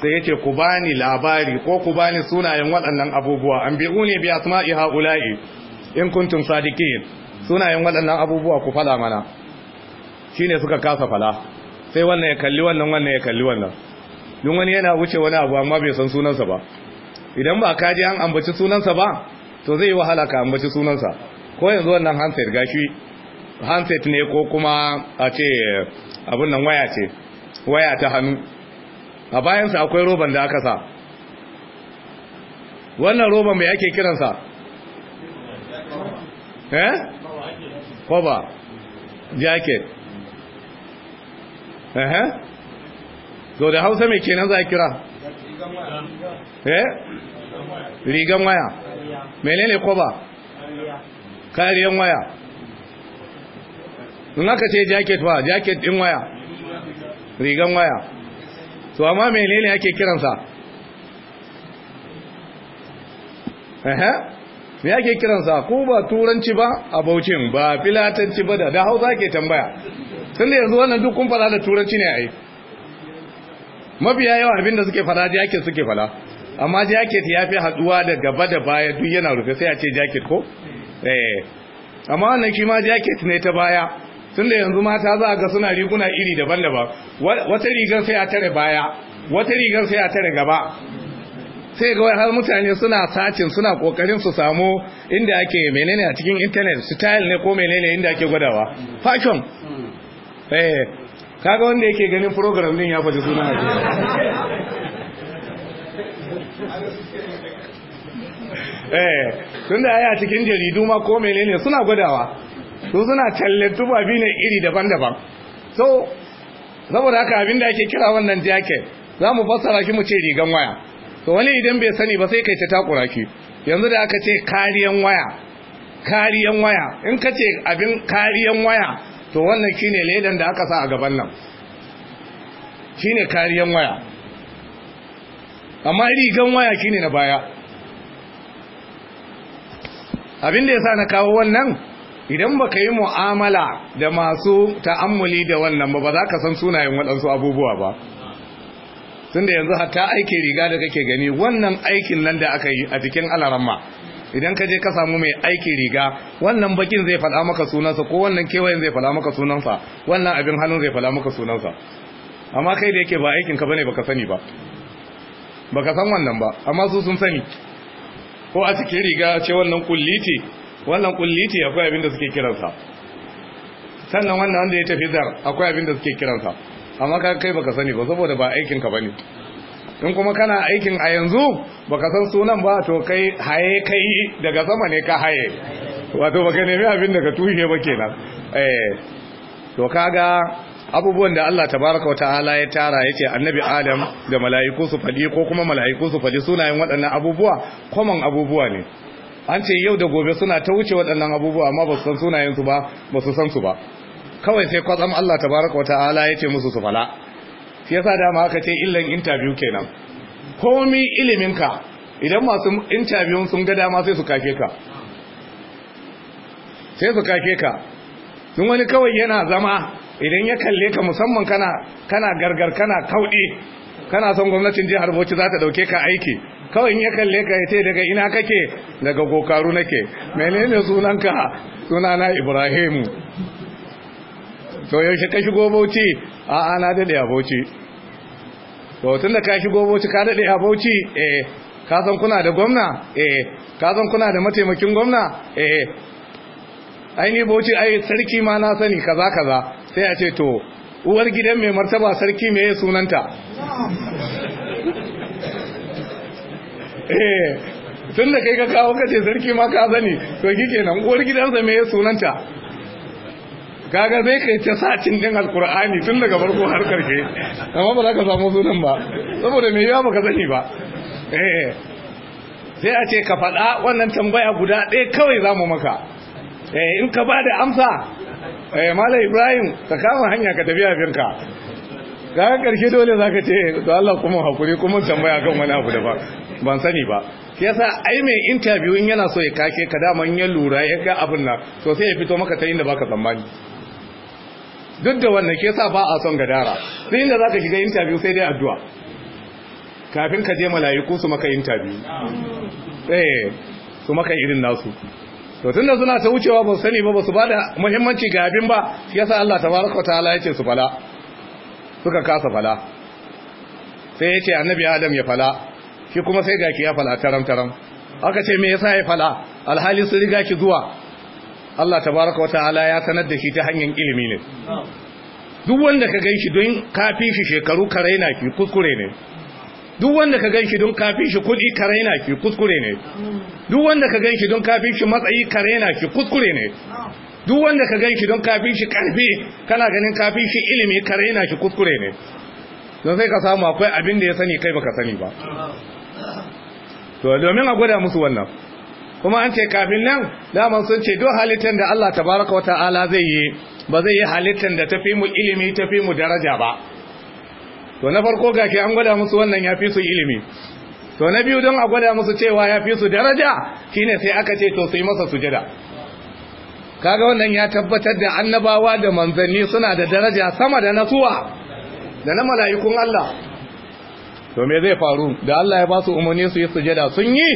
sai ya ce ku bani labari ko ku bani sunayen waɗannan abubuwa an bi'uni bi asma'i ha'ula'i in kuntum sadiqin sunayen waɗannan abubuwa ku fala mana shine suka kasa fala sai wannan ya kalli wannan wannan ya kalli wannan don wani yana wuce wani abu amma bai san sunansa ba idan ba ka an ambaci sunansa ba to zai yi wahala ka ambaci sunansa ko yanzu wannan handset gashi handset ne ko kuma a ce abin nan waya ce waya ta hannu a bayansa akwai roban da aka sa wannan roban mai ake kiransa eh koba jacket so da hausa mai kenan za a kira eh? rigan waya menene kwaba? kariyan waya in aka ce jacket ba jacket din waya rigan waya to amma menene ake kiransa me ake kiransa ko ba turanci ba a baucin ba filatanci ba da da hausa ke tambaya tun da yanzu wannan duk kun fada da turanci ne a yi mafiya yawa abinda suke fada jaket suke fada amma jaket ya fi haduwa da gaba da baya duk yana rufe sai a ce jaket ko eh. amma wannan shi ma ne ta baya tun da yanzu mata za a ga suna riguna iri daban-daban wata rigar sai a tare baya wata rigar sai a tare gaba sai ga har mutane suna sacin suna kokarin su samu inda ake menene a cikin internet style ne ko menene inda ake gwadawa fashion eh kaga wanda yake ganin program din ya faɗi suna eh tun da aya cikin jaridu ma ko menene suna gwadawa su suna tallar bi ne iri daban-daban so saboda haka abin da ake kira wannan jacket za mu fassara shi mu ce rigan waya to wani idan bai sani ba sai kai ta takura ki yanzu da aka ce kariyan waya kariyan waya in ka ce abin kariyan waya to wannan shine ledan da aka sa a gaban nan shine kariyan waya amma rigan waya shine na baya abin da yasa na kawo wannan idan baka yi mu'amala da masu ta'ammuli da wannan ba ba za ka san sunayen waɗansu abubuwa ba da yanzu hatta aikin riga da kake gani wannan aikin nan da aka yi a cikin alaramma idan ka je ka samu mai aiki riga wannan bakin zai faɗa maka sunansa ko wannan kewayen zai faɗa maka sunansa wannan abin hannun zai faɗa maka sunansa amma kai da yake ba aikinka bane baka sani ba baka san wannan ba amma su sun sani ko a cikin riga ce wannan kulli ce wannan kulli ce akwai abin da suke kiransa sannan wannan wanda ya tafi zar akwai abin da suke kiransa amma kai baka sani ba saboda ba aikinka bane in kuma kana aikin a yanzu baka san sunan ba to kai haye kai daga sama ne ka haye wato baka nemi abin da ka tushe ba kenan eh to kaga abubuwan da Allah tabaraka ta'ala ya tara yace annabi Adam da mala'iku su fadi ko kuma mala'iku su fadi sunayen waɗannan abubuwa common abubuwa ne an ce yau da gobe suna ta wuce waɗannan abubuwa amma ba su san sunayen su ba ba su san su ba kawai sai kwatsam Allah tabaraka wataala yace musu su fala shi sa dama aka ce illan intabiyu kenan komi iliminka idan masu intabiyun sun ga dama sai su kafe ka sai su kafe ka sun wani kawai yana zama idan ya kalle ka musamman kana kana gargar kana kauɗi kana son gwamnatin jihar Bauchi za ta ɗauke ka aiki kawai in ya kalle ka ce daga ina kake daga gokaru nake ne sunanka sunana Ibrahimu to yaushe ka shigo bauchi a ana dade a bauchi to tun da ka shigo bauchi ka dade a bauchi eh ka san kuna da gwamna eh ka san kuna da mataimakin gwamna eh ai ni bauchi ai sarki ma na sani kaza kaza sai a ce to uwar gidan mai martaba sarki me sunanta eh tun da kai ka kawo kace sarki ma ka sani to kike nan uwar gidansa me sunanta gaga zai kai ta satin din alkur'ani tun daga farko har karke amma ba za ka samu sunan ba saboda mai yawa baka sani ba eh, eh. sai a ce ka faɗa wannan tambaya guda ɗaya kawai za mu maka eh, in ka ba da amsa eh malam ibrahim ka kama hanya ka tafi firka ga karshe dole za ka ce to Allah kuma hakuri kuma tambaya kan wani abu da ba ban sani ba yasa ai mai interview yana so ya kake ka da man ya lura ya ga abin nan to sai ya fito maka ta inda baka tsammani duk da wannan ke sa ba a son gadara sai inda za ka shiga intabiyu sai dai addu'a kafin ka je mala'iku su maka intabiyu eh su maka irin nasu to tunda suna ta wucewa ba su sani ba ba su bada muhimmanci ga abin ba yasa Allah tabaraka ta'ala ce su fala suka kasa fala sai ce annabi Adam ya fala shi kuma sai gaki ya fala taram taram aka ce me yasa ya fala alhali sun riga ki zuwa Allah tabaraka wa ta'ala ya sanar da shi ta hanyar ilimi ne duk wanda ka ganshi don kafi shi shekaru kare na ki kuskure ne duk wanda ka ganshi don kafi shi kudi kare na ki kuskure ne duk wanda ka ganshi don kafi shi matsayi kare na ki kuskure ne duk wanda ka ganshi don kafi shi karfi kana ganin kafi shi ilimi kare na ki kuskure ne don sai ka samu akwai abin da ya sani kai baka sani ba to domin a gwada musu wannan kuma an ce kafin nan daman sun ce duk halittar da Allah tabaraka wa ta'ala zai yi ba zai yi halittar da tafi mu ilimi tafi mu daraja ba to na farko ga ke an gwada musu wannan ya fi su ilimi to na biyu don a gwada musu cewa ya fi su daraja shine sai aka ce to su yi masa sujada kaga wannan ya tabbatar da annabawa da manzanni suna da daraja sama da nasuwa da na mala'ikun Allah to me zai faru da Allah ya ba su umarni su yi sujada sun yi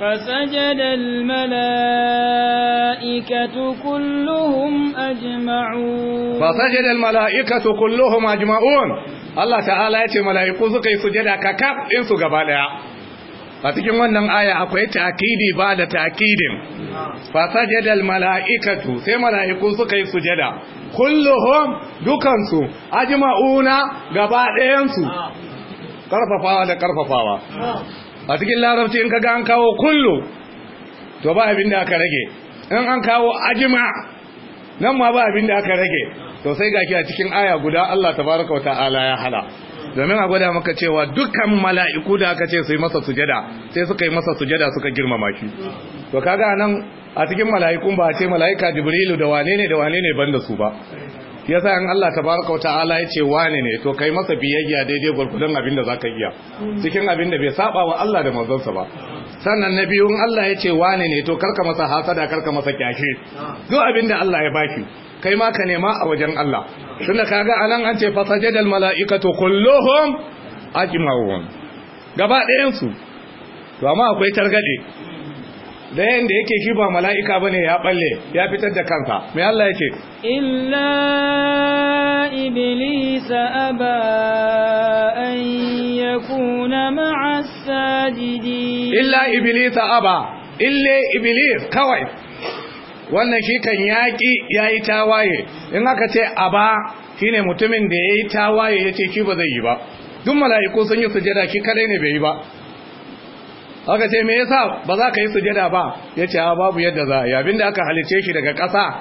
فسجد الملائكة كلهم أجمعون فسجد الملائكة كلهم أجمعون الله تعالى يتي ملائكو ذكي سجد ككاب إنسو قبالا فتكين ونن آية أقوي تأكيد بعد تأكيد فسجد الملائكة سي ملائكو ذكي سجد كلهم دوكانسو أجمعون قبالا ينسو karfafawa da karfafawa a cikin larabci in kaga an kawo kullu to ba abin da aka rage in an kawo ajima nan ma ba abin da aka rage to sai gaki a cikin aya guda Allah tabaraka wa ta'ala ya hala domin a gwada maka cewa dukkan mala'iku da aka ce su yi masa sujada sai suka yi masa sujada suka girmama shi to kaga nan a cikin mala'ikun ba a ce mala'ika jibrilu da wane ne da wane ne banda su ba Ya sa in Allah ta wata ta'ala ya ce wane ne to kai masa biyayya daidai gurgurdan abin da za ka iya cikin abin da bai saba wa Allah da manzonsa ba sannan na biyu Allah ya ce wane ne to karka masa hasada karka masa kyashe duk abin da Allah ya baki kai ma ka nema a wajen Allah tunda kaga anan an ce fasajadal mala'ikatu kulluhum ajma'un gaba ɗayan su to amma akwai targade dayan da yake shi ba mala'ika ne ya balle ya fitar da kansa mai Allah yake illa iblis aba an kuna ma'asa sajidi illa aba ille iblis kawai wannan shi kan yaƙi ya yi tawaye in aka ce aba ne mutumin da ya yi tawaye ya ce shi ba zai yi ba duk mala'iku sun yi sujada shi kadai ne bai yi ba aka ce me yasa ba za ka yi sujada ba yace a babu yadda za yi abinda aka halice shi daga ƙasa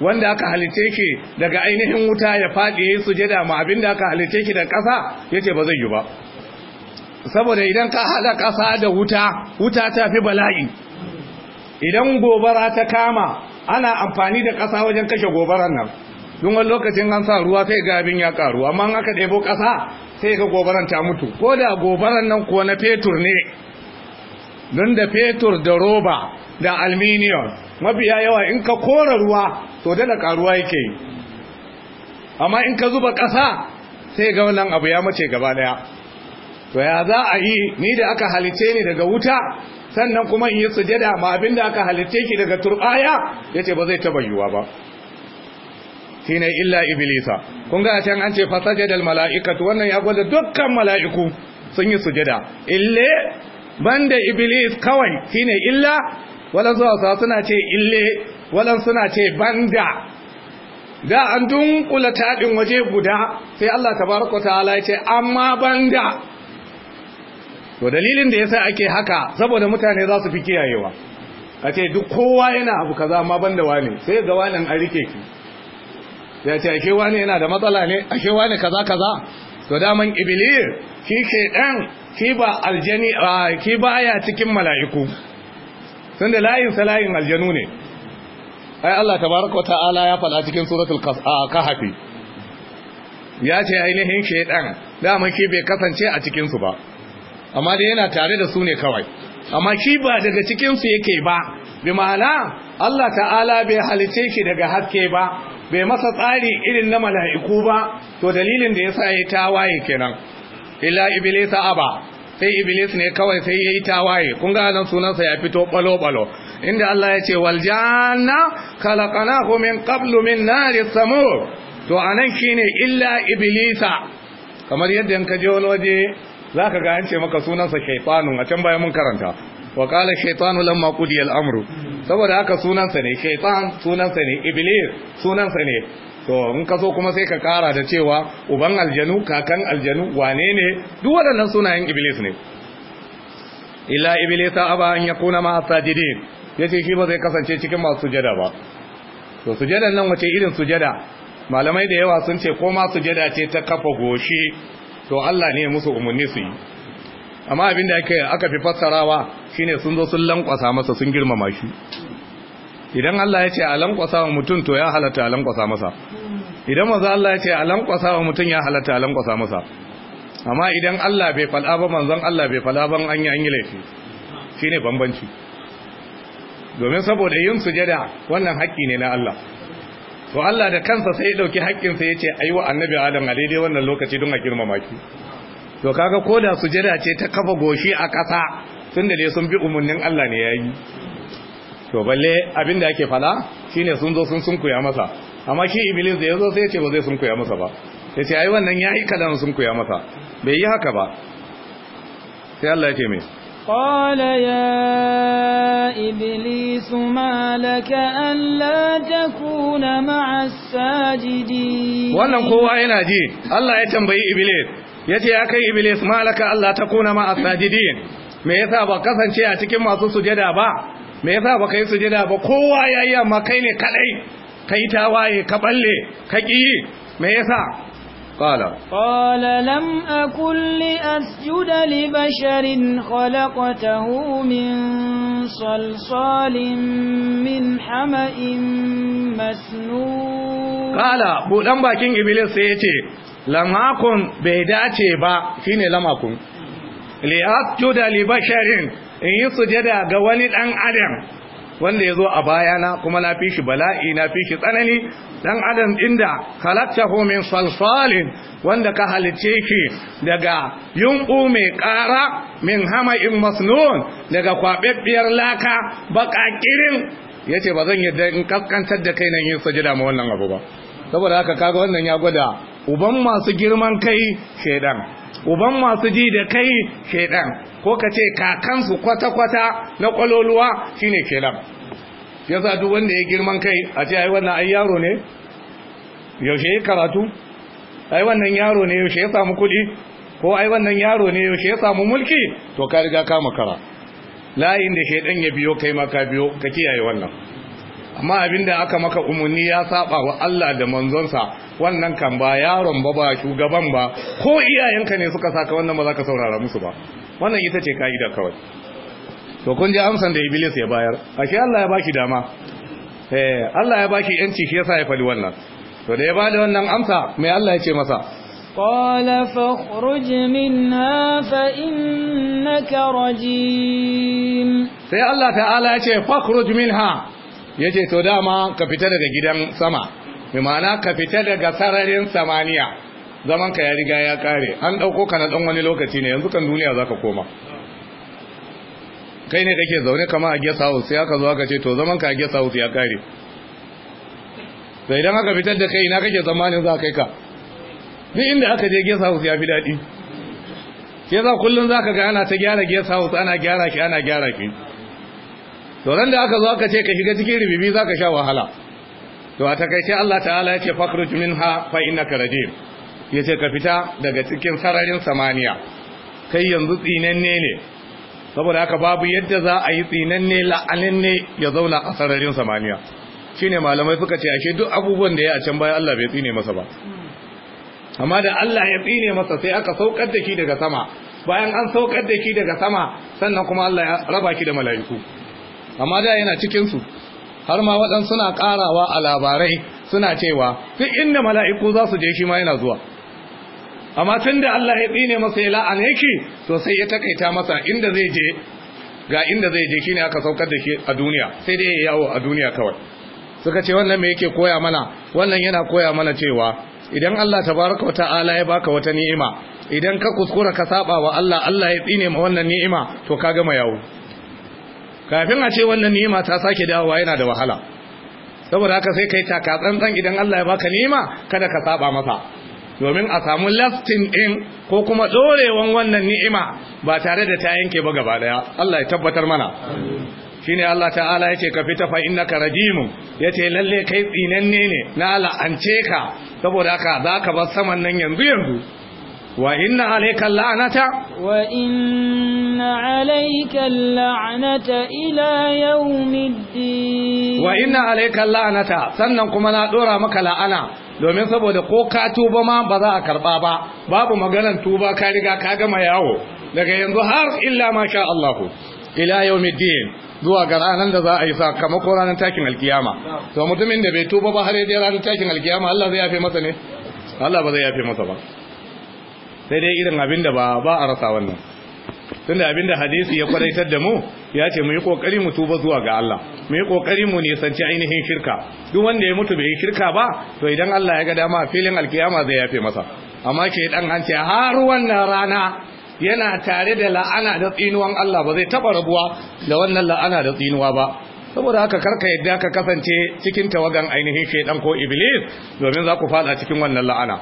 wanda aka halice shi daga ainihin wuta ya faɗi yi sujada ma abinda aka halice shi daga ƙasa yace ba zai yi ba saboda idan ka haɗa ƙasa da wuta wuta ta fi bala'i idan gobara ta kama ana amfani da ƙasa wajen kashe gobarar nan don wani lokacin an sa ruwa sai ga abin ya karu amma aka ɗebo ƙasa sai ga gobaran ta mutu ko da gobaran nan kuwa na fetur ne don da fetur da roba da alminiyon, mafiya yawa in ka kora ruwa to da karuwa yake yi amma in ka zuba ƙasa sai ga wannan abu ya mace gaba daya to ya za a yi ni da aka halice ni daga wuta sannan kuma in yi sujada ma abin da aka halice ki daga turbaya ce ba zai taba yiwuwa ba shine illa iblisa kun ga can an ce fasajadal mala'ikatu wannan ya gwada dukkan mala'iku sun yi sujada ille banda iblis kawai shine illa walan zuwa suna ce ille walan suna ce banda da an dunkula tadin waje guda sai Allah tabaraka ta'ala ya ce amma banda to dalilin da yasa ake haka saboda mutane za su fi kiyayewa a ce duk kowa yana abu kaza amma banda wane sai ga wani an rike ki ya ce ake wani yana da matsala ne ake wani kaza kaza to daman iblis shi ke dan shi ba aljani ki baya cikin mala'iku sanda layin salayin aljanu ne ai Allah tabaraka ta'ala ya fada cikin suratul kahf ya ce ainihin shaydan dama ki bai kasance a cikin su ba amma dai yana tare da su ne kawai amma ki ba daga cikin su yake ba bi ma'ana Allah ta'ala bai halice ki daga haske ba bai masa tsari irin na mala'iku ba to dalilin da yasa ya tawaye kenan illa iblisa aba sai iblis ne kawai sai yayi tawaye kun ga nan sunansa ya fito balo balo inda Allah ya ce wal janna khalaqnahu min qablu min nari samur to anan shine illa iblisa kamar yadda in ka je wani waje zaka ga an ce maka sunansa shaytanu a can bayan mun karanta wa qala shaytanu lamma qudiya al-amru saboda haka sunansa ne shaytan sunansa ne iblis sunansa ne to in ka so kuma sai ka kara da cewa uban aljanu kakan aljanu wane ne duk waɗannan sunayen iblis ne illa iblisa aba an yakuna ma sajidin yace shi ba zai kasance cikin masu sujada ba to sujada nan wace irin sujada malamai da yawa sun ce ko ma sujada ce ta kafa goshi to Allah ne musu umarni su yi amma abin da aka fi fassarawa shine sun zo sun lankwasa masa sun girmama shi idan Allah ya ce a lankwasa wa mutum to ya halatta a lankwasa masa idan maza Allah ya ce a lankwasa wa mutum ya halatta a lankwasa masa amma idan Allah bai fal'a ba manzon Allah bai fal'a ba, an yi an yi laifi ne bambanci domin saboda yin sujada wannan haƙƙi ne na Allah to Allah da kansa sai ya haƙƙinsa ya ce a yi wa annabi Adam a daidai wannan lokaci don a girmama ki to kaga ko da sujada ce ta kafa goshi a ƙasa tunda dai sun bi umarnin Allah ne ya yi. to balle abin da yake fada shine sun zo sun sunkuya masa amma shi iblis da yazo sai ya ce ba zai sunkuya masa ba ya ce ai wannan yayi kadan sunkuya masa bai yi haka ba sai Allah ya ce mai ya iblis ma laka an la takuna ma'a sajidi wannan kowa yana ji Allah ya tambayi Iblis yace ya kai Iblis malaka Allah takuna ma as-sajidin me yasa ba kasance a cikin masu sujada ba me yasa baka yi sujada ba kowa yayi amma kai ne kadai kai ta waye ka balle ka ki me yasa qala qala lam akul li asjuda li basharin khalaqtahu min salsalin min hama'in masnun qala dan bakin iblis sai yace lamakun bai dace ba shine lamakun li asjuda li basharin in yi sujada ga wani ɗan adam wanda ya zo a bayana kuma na fi shi bala'i na fi shi tsanani dan adam inda khalaqtahu min salsalin wanda ka halice shi daga yunku mai ƙara min hama in masnun daga kwaɓaɓɓiyar laka baƙaƙirin ce ba zan yadda in kaskantar da kai nan yin sajida ma wannan abu ba saboda haka kaga wannan ya gwada uban masu girman kai shaidan uban masu ji da kai shaidan ko ka ce kakansu kwata-kwata na kwaloluwa shine shaidan ya sa duk wanda ya girman kai a ce ai wannan ai yaro ne yaushe ya karatu ai wannan yaro ne yaushe ya samu kuɗi ko ai wannan yaro ne yaushe ya samu mulki to ka riga ka makara layin da shaidan ya biyo kai ma ka biyo ka kiyaye wannan amma abinda aka maka umarni ya saba wa Allah da manzonsa wannan kan ba yaron ba ba shugaban ba ko iyayenka ne suka saka wannan ba za ka saurara musu ba wannan ita ce ka'ida kawai to kun ji amsan da iblis ya bayar ashe Allah ya baki dama eh Allah ya baki yanci shi yasa ya fadi wannan to da ya bada wannan amsa mai Allah ya ce masa قال فاخرج منها فإنك رجيم سي الله تعالى يقول فاخرج منها ya ce to dama ka fita daga gidan sama mai ma'ana ka fita daga sararin samaniya zaman ka ya riga ya kare an ɗauko ka na ɗan wani lokaci ne yanzu kan duniya za ka koma kai ne kake zaune kama a guest house sai aka zo aka ce to zaman ka a guest house ya kare sai dan aka fitar da kai ina kake zamanin za kai ka duk inda aka je guest house ya fi daɗi sai za kullum za ka ga ana ta gyara guest house ana gyara ki ana gyara ki to ran da aka zo aka ce ka shiga cikin ribibi zaka sha wahala to a takaice Allah ta'ala ya ce fakhruj minha fa innaka rajim yace ka fita daga cikin sararin samaniya kai yanzu tsinanne ne saboda haka babu yadda za a yi tsinanne la'ananne ya zauna a sararin samaniya shine malamai suka ce ashe duk abubuwan da ya a can baya Allah bai tsine masa ba amma da Allah ya tsine masa sai aka saukar da shi daga sama bayan an saukar da shi daga sama sannan kuma Allah ya raba ki da mala'iku amma da yana cikin su har ma waɗansu suna ƙarawa a labarai suna cewa duk inda mala'iku za su je shi ma yana zuwa amma tun da Allah ya tsine masa ya la'ane shi to sai ya takaita masa inda zai je ga inda zai je shine aka saukar da shi a duniya sai dai ya yawo a duniya kawai suka ce wannan me yake koya mana wannan yana koya mana cewa idan Allah tabaraka ala ya baka wata ni'ima idan ka kuskura ka saba wa Allah Allah ya tsine ma wannan ni'ima to ka gama yawo kafin a ce wannan ni'ima ta sake dawowa yana da wahala saboda haka sai kai taka tsantsan idan Allah ya baka ni'ima kada ka saba masa domin a samu lastin din ko kuma dorewan wannan ni'ima ba tare da ta yanke ba gaba daya Allah ya tabbatar mana shine Allah ta'ala yace ka fita fa innaka rajimun yace lalle kai tsinanne ne na la'ance ka saboda haka zaka bar saman nan yanzu yanzu wa inna alayka la'anata wa in عليك اللعنة إلى يوم الدين وإن عليك اللعنة سنن كما نادورا مك لعنة domin saboda ko ka tuba ma ba za a karba ba babu maganar tuba ka riga ka gama yawo daga yanzu har illa ma sha Allah ila yawmiddin zuwa ga ranar da za a yi sa ko ranar takin alkiyama to mutumin da bai tuba ba har dai ranar takin alkiyama Allah zai yafe masa ne Allah ba zai yafe masa ba sai dai irin abin da ba ba a rasa wannan tunda abinda hadisi ya kwadaitar da mu ya ce mu yi kokari mu tuba zuwa ga Allah mu yi kokari mu nisanci ainihin shirka duk wanda ya mutu bai yi shirka ba to idan Allah ya ga dama filin alkiyama zai yafe masa amma ke dan an ce har wannan rana yana tare da la'ana da tsinuwan Allah ba zai taba rabuwa da wannan la'ana da tsinuwa ba saboda haka karka yadda ka kasance cikin tawagan ainihin shaidan ko iblis domin za ku fada cikin wannan la'ana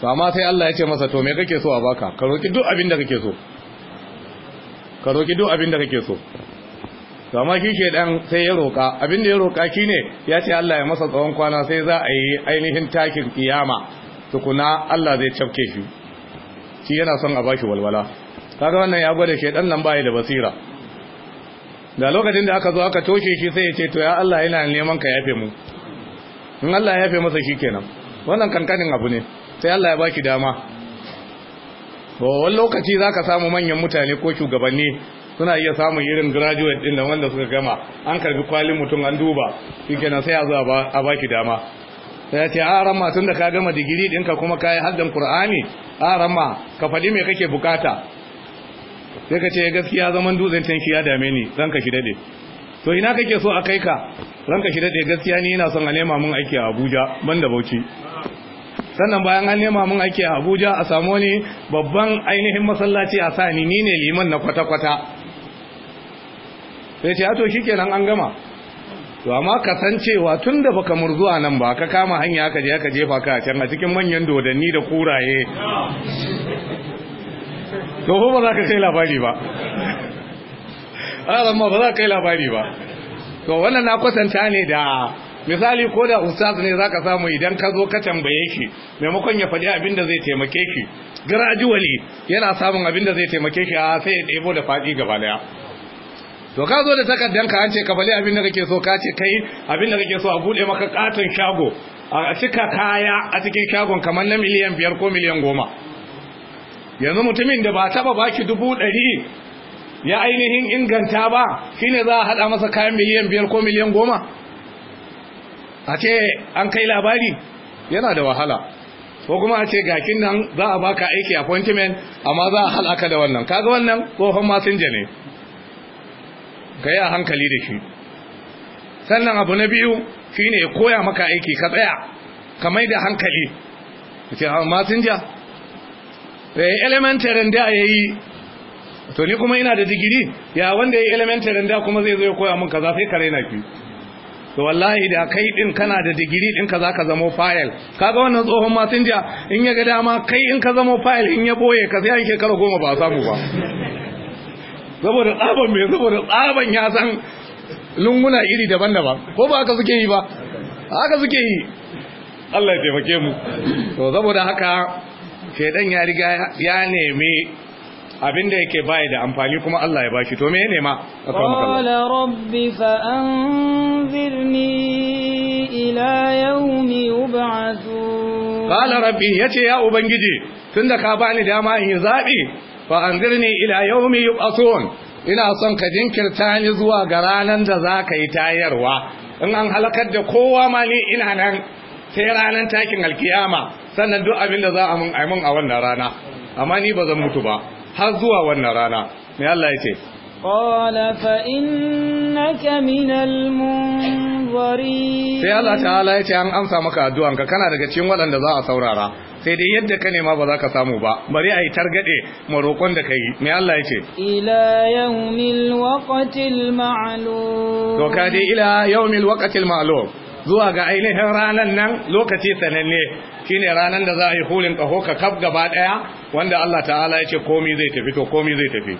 to amma sai Allah ya ce masa to me kake so a baka ka roki duk abin da kake so ka roƙi duk abin da kake so amma shi dan sai ya roƙa, abin da ya roka ne ya ce Allah ya masa tsawon kwana sai za a yi ainihin takin kiyama tukuna Allah zai cafke shi shi yana son a bashi walwala kaga wannan ya gwada shedan nan bai da basira da lokacin da aka zo aka toshe shi sai ya ce to ya Allah yana neman ka yafe mu in Allah ya yafe masa shi kenan. wannan kankanin abu ne sai Allah ya baki dama to wani lokaci za ka samu manyan mutane ko shugabanni suna iya samun irin graduate din da wanda suka gama an karbi kwalin mutum an duba shi kenan sai a zo a baki dama sai ce a ramma tun da ka gama digiri dinka kuma ka yi haddan Kur'ani, a ramma ka faɗi me kake bukata sai ka ce gaskiya zaman dutsen tanki ya dame ni ranka shi daɗe to ina kake so a kai ka ranka shi daɗe gaskiya ni yana son a nema mun aiki a abuja ban da bauchi sannan bayan an nema mun ake a Abuja a samu ne babban ainihin masallaci a sani ni ne liman na kwata-kwata sai ce ato kenan an gama to amma kasancewa tun da baka murzuwa nan ba ka kama hanya aka je aka jefa ka can a cikin manyan dodanni da kuraye to ba za ka kai labari ba a ba za ka kai labari ba to wannan na kwatanta ne da misali ko da ustaz ne zaka samu idan ka zo ka tambaye shi maimakon ya faɗi abin da zai taimake shi gradually yana samun abin da zai taimake shi a sai ya ɗebo da faɗi gaba daya to ka zo da takardar ka an ce ka bale abin da kake so ka ce kai abin da kake so a bude maka katon shago a cika kaya a cikin shagon kamar na miliyan biyar ko miliyan goma yanzu mutumin da ba taba baki dubu ɗari ya ainihin inganta ba shine za a haɗa masa kayan miliyan biyar ko miliyan goma a ce an kai labari yana da wahala ko kuma a ce gakin nan za a baka aiki appointment amma za a halaka da wannan kaga wannan tsohon masinja ne ka yi a hankali da shi sannan abu na biyu shine ya koya maka aiki ka tsaya ka mai da hankali ce masinja eh, elementarin da ya yi to ni kuma ina da digiri ya wanda ya yi elementarin da kuma zai zo ya koya mun kaza sai ka raina fi to wallahi da kai din kana da digiri din ka zaka zamo fayil kaga wannan tsohon masinja in ya ga dama kai in ka zamo fayil in ya boye ka sai an shekara goma ba a samu ba saboda tsaban me saboda tsaban ya san lunguna iri daban-daban ko ba haka suke yi ba haka suke yi Allah ya taimake mu to saboda haka shedan ya riga ya nemi abinda yake baya da amfani kuma Allah ya bashi to me ne ma qala rabbi fa anzirni ila yawmi yub'athu qala rabbi yace ya ubangiji tunda ka bani dama in zabi fa anzirni ila yawmi yub'athun ina son ka jinkirta ni zuwa ga ranan da zaka yi tayarwa in an halakar da kowa ma ni ina nan sai ranan takin alkiyama sannan duk abin da za a mun a wannan rana amma ni ba zan mutu ba har zuwa wannan rana mai Allah yake qala fa innaka minal munzari sai Allah ta'ala ce an amsa maka addu'an ka, kana daga cikin waɗanda za a saurara sai dai yadda ka nema ba za ka samu ba bari a yi targaɗe marokon da ka yi mai Allah ya ce ila yawmil waqtil ma’alo to dai ila zuwa ga ainihin ranar nan lokaci sananne shine ranan da za a yi hulin kaho ka kaf gaba daya wanda Allah ta'ala ya ce komai zai tafi to komai zai tafi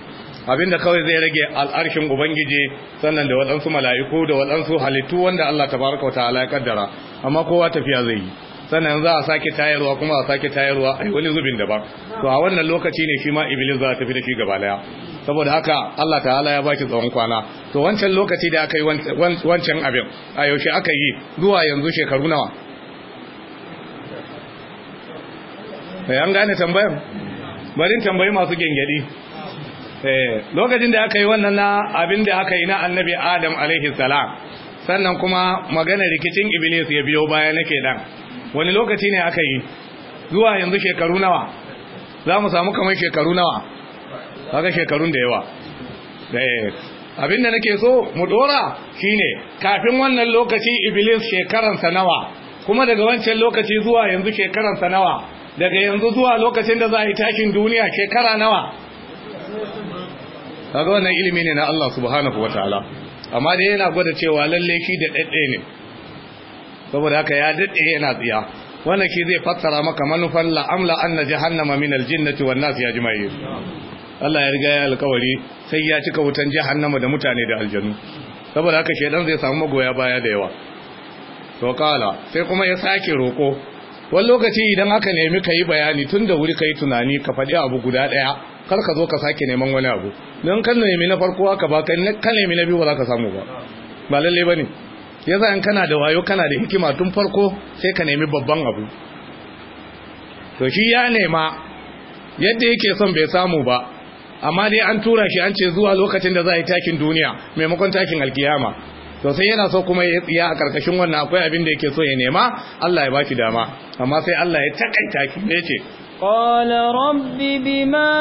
abinda kawai zai rage al'arshin ubangiji sannan da waɗansu mala'iku da waɗansu halittu wanda Allah tabaraka wa ta'ala ya kaddara amma kowa tafiya zai yi sannan za a sake tayarwa kuma a sake tayarwa a wani zubin da ba to a wannan lokaci ne shi ma iblis za a tafi da shi gaba daya saboda haka Allah ta'ala ya baki tsawon kwana to wancan lokaci da aka yi wancan abin a yaushe aka yi zuwa yanzu shekaru nawa Eh, an gane tambayar barin tambayi masu gengedi eh, lokacin da aka yi wannan na abin da aka yi na annabi adam alaihi salam sannan kuma magana rikicin iblis ya biyo baya nake dan wani lokaci ne aka yi zuwa yanzu shekaru nawa za mu samu kamar shekaru nawa kaga shekarun da yawa eh, abin da nake so mu dora shine kafin wannan lokaci iblis shekaransa nawa kuma daga wancan lokaci zuwa yanzu shekaransa nawa daga yanzu zuwa lokacin da za a yi takin duniya shekara nawa kaga wannan ilimi ne na Allah subhanahu Ta'ala. amma dai yana gwada cewa lalle shi da dadde ne saboda haka ya dadde yana tsiya wannan shi zai fassara maka manufan la'amla anna jahannama min aljinnati wan nas yajma'in Allah ya riga ya alkawari sai ya cika wutan jahannama da mutane da aljanu saboda haka shedan zai samu magoya baya da yawa to kala sai kuma ya sake roko wani lokaci idan aka nemi ka yi bayani tun da wuri ka yi tunani ka faɗi abu guda ɗaya kar ka zo ka sake neman wani abu don kan nemi na farko aka ba ka nemi na biyu ba za ka samu ba ba lalle ba ne ya za in kana da wayo kana da hikima tun farko sai ka nemi babban abu to shi ya nema yadda yake son bai samu ba amma dai an tura shi an ce zuwa lokacin da za a yi takin duniya maimakon takin alkiyama to sai yana so kuma ya tsiya a karkashin wannan akwai abin da yake so ya nema Allah ya baki dama amma sai Allah ya takaita ki ne ce قال رب بما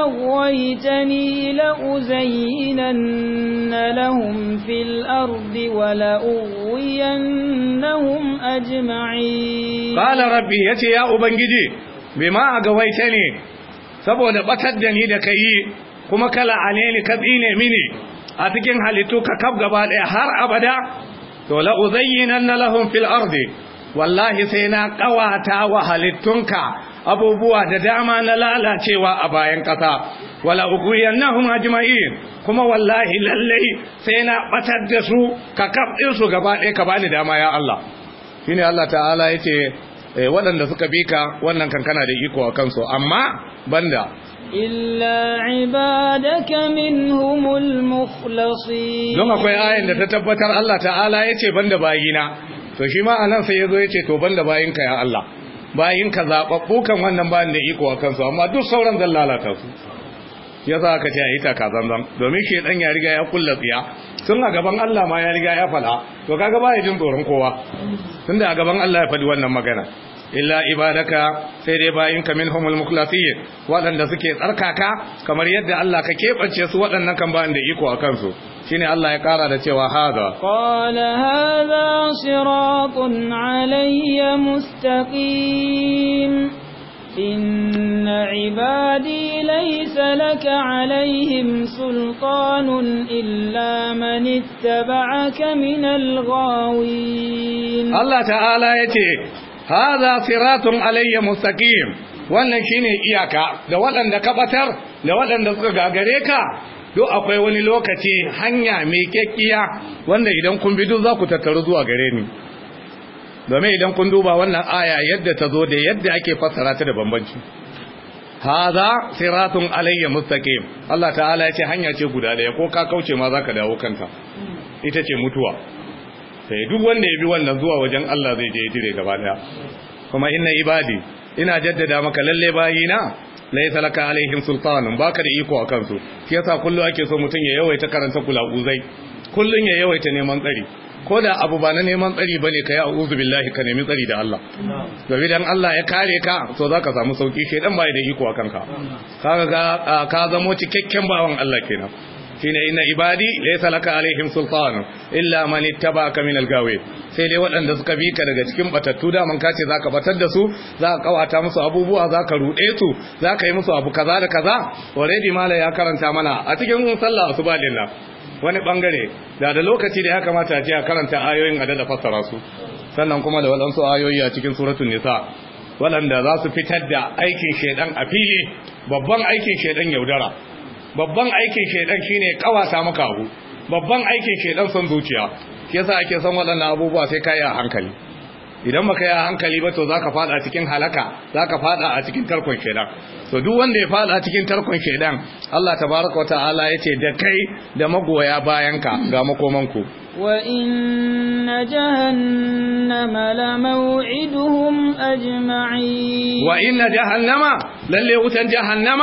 أغويتني لأزينن لهم في الأرض ولأغوينهم أجمعين قال ربي يتي يا أبنجي بما أغويتني سبو لبتدني لكي كما كلا عليني كبئيني مني a cikin halittu ka kaf gaba ɗaya har abada to la na na fil arzi wallahi sai na ƙawata wa halittunka abubuwa da dama na lalacewa a bayan ƙasa wala uguyannahum ajma'in kuma wallahi lallai sai na ɓatar da su ka kaf ɗinsu gaba ɗaya ka bani dama ya Allah shine Allah ta'ala yace eh, waɗanda suka bi ka wannan kankana da iko a kansu amma banda إلا عبادك منهم المخلصين don akwai ayin da ta tabbatar Allah ta'ala yace banda bayina to shi ma anan sai yazo yace to banda bayinka ya Allah bayinka zababbu kan wannan bayan da iko a kansu amma duk sauran zan lalata su ya za ka ce a yi zanzan. domin shedan ya riga ya kulla tsiya tun a gaban Allah ma ya riga ya fala to kaga ba ya jin tsoron kowa tunda a gaban Allah ya faɗi wannan magana illa ibadaka sai dai bayinka minhumul mukhlasin waɗanda suke tsarkaka kamar yadda Allah ka keɓance su waɗannan kan ba da iko a kansu shine Allah ya ƙara da cewa hada qala hada siratun alayya mustaqim إن عبادي ليس لك عليهم سلطان إلا من اتبعك من الغاوين الله تعالى يتي هذا siratun alayya مستقيم wannan shine iyaka da waɗanda ka batar da waɗanda suka gagare ka duk akwai wani lokaci hanya mai kekkiya wanda idan kun bi duk za ku tattaru zuwa gare ni domin idan kun duba wannan aya yadda ta zo da yadda ake fassara ta da bambanci Haza, siratun alayya mustaqim Allah ta'ala ya ce hanya ce guda daya ko ka kauce ma zaka dawo kanta? ita ce mutuwa tsaye duk wanda ya bi wannan zuwa wajen Allah zai je ya jire gaba daya kuma inna ibadi ina jaddada maka lalle bayina laysa laka alaihim sultanun baka da iko a kansu shi yasa kullu ake so mutun ya yawaita karanta kulaguzai kullun ya yawaita neman tsari ko da abu ba na neman tsari bane ka yi a'udhu billahi ka nemi tsari da Allah domin dan Allah ya kare ka so zaka samu sauki shedan bai da iko a kanka kaga ka zamo cikakken bawan Allah kenan shine inna ibadi laysa laka alaihim sultan illa man ittaba'aka min algawi sai dai waɗanda suka bi ka daga cikin batattu da man kace zaka batar da su zaka kawata musu abubuwa zaka rude su zaka yi musu abu kaza da kaza already mala ya karanta mana a cikin sallah subhanallah wani bangare da da lokaci da ya kamata a ce a karanta ayoyin a da fassara su sannan kuma da waɗansu ayoyi a cikin suratul nisa waɗanda za su fitar da aikin shaidan a fili babban aikin shaidan yaudara babban aikin shaidan shine kawasa maka abu babban aikin shaidan son zuciya yasa ake son waɗanda abubuwa sai kai a hankali idan baka yi hankali ba to zaka fada cikin halaka zaka fada a cikin tarkon shedan to duk wanda ya fada cikin tarkon shedan Allah tabaraka wa ta'ala yace da kai da magoya bayanka ga makomanku وإن جهنم لموعدهم أجمعين وإن جهنم للي وتن جهنم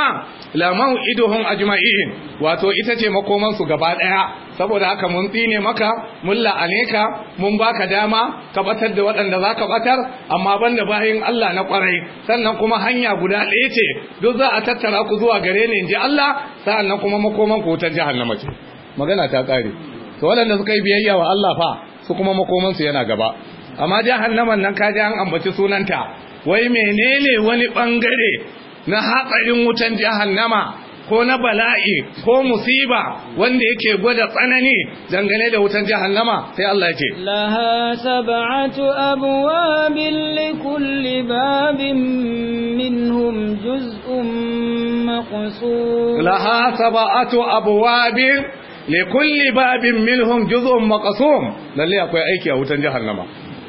لموعدهم أجمعين wato ita ce makomansu gaba ɗaya saboda haka mun tsine maka mun la'ane ka mun baka dama ka batar da waɗanda za ka batar amma banda bayin Allah na kwarai sannan kuma hanya guda ɗaya ce duk za a tattara ku zuwa gare ni in ji Allah sa'annan kuma makoman ku wutar jahannama ce magana ta ƙare to waɗanda suka yi biyayya wa Allah fa su kuma makomansu yana gaba amma jahannaman nan kaji an ambaci sunanta wai menene wani ɓangare na hatsarin wutan jahannama ko na bala'i ko musiba wanda yake gwada tsanani dangane da wutan jahannama sai Allah yake laha sab'atu abwabin kulli babin minhum juz'un maqsur laha sab'atu abwabin li kulli babin minhum juz'un maqsum lalle akwai aiki a wutan jahannama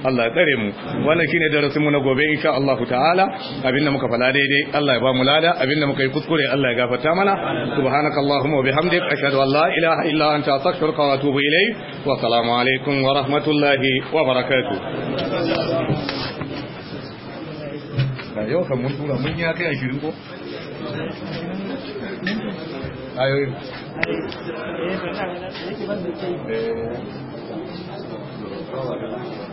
Allah ya tsare mu wannan shine darasin mu na gobe insha Allah ta'ala abinda muka fada daidai Allah ya ba mu lada abinda muka yi kuskure Allah ya gafarta mana subhanakallahumma wa bihamdik ashhadu an la ilaha illa anta astaghfiruka wa atubu ilayk wa assalamu alaikum wa rahmatullahi wa barakatuh yau kan mun tura mun yi kai a shirin ko ayoyin eh